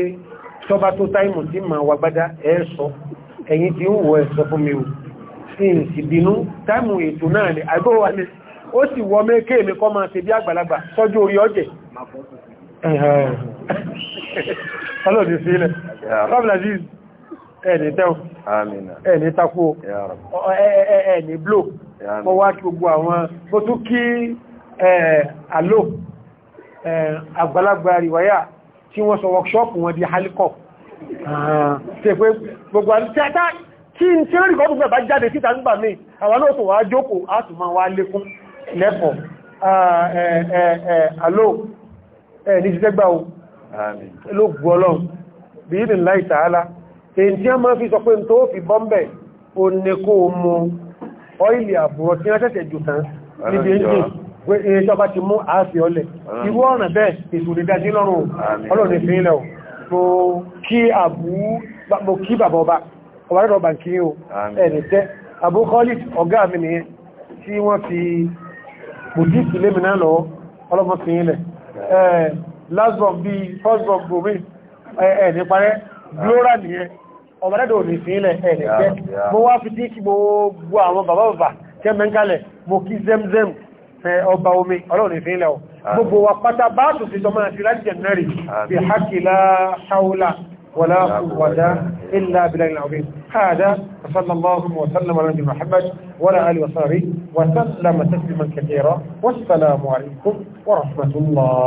tọ́bá tó táìmù tí ma wà gbádá ẹ sọ ẹ̀yin tí ń wọ ẹ sọ fún mi o sí ìsìbínú táìmù ètò náà ni àgbó wà ní ó sì wọ mẹ́kẹ́ mi kọ́ máa ṣe bí àgbàlagbà sọ́jú orí ọjẹ́ ọlọ́run ìfẹ́lẹ̀ ẹni Eh, àgbàlagbà ríwáyà tí wọ́n sọ workshop wọn di halikọ́ tẹ́fẹ́ ah, gbogbo àtẹ́ta kí n tí lórí kọ́kùnfẹ́ bá jáde síta nígbà mí àwọn náà tó wà jókòó á tún máa wá lékún lẹ́pọ̀ àlò ah, eh, eh, ní ṣẹ́gbà o ló gbọ́lọ́n bí i nìlá ìtàhálà èyí tí a máa fi sọ pé tó fi bọ́m̀bẹ̀ o ní kó mú ọ́ìlì àbúrọ̀ èyíṣọ́ bá ti mú ààfì ọlẹ̀ ah. irú ọ̀nà bẹ́ẹ̀ ètò lè dájí lọ́rùn ọlọ́run ìfẹ́ ilẹ̀ o mo kí àbú mo kí bàbá ọba ọba rẹ̀ ọba kí o ẹni tẹ́ àbú kọ́lì ọ̀gá mi nìyẹn tí wọ́n fi bùdíìsì lé mi náà lọ ọlọ́mọ fi ilẹ̀ last bomb bí first bomb bomi ẹni parẹ́ glóra nìyẹn ọba rẹ̀ ò ní fi ilẹ̀ ẹni tẹ́ mo wá fi tí gbogbo àwọn bàbá bàbá tẹ́ mẹ́ńkálẹ̀ mo ọba omi ọlọ́run ìfin ilẹ̀ ọ̀ gbogbo wa pátá bá tún ti tọmọ àti láti jẹ̀nẹ́rì bí hakila haula wala quwwata illa billahi al-azim hada sallallahu wa sallam ala nabiyyina muhammad wa ala alihi wa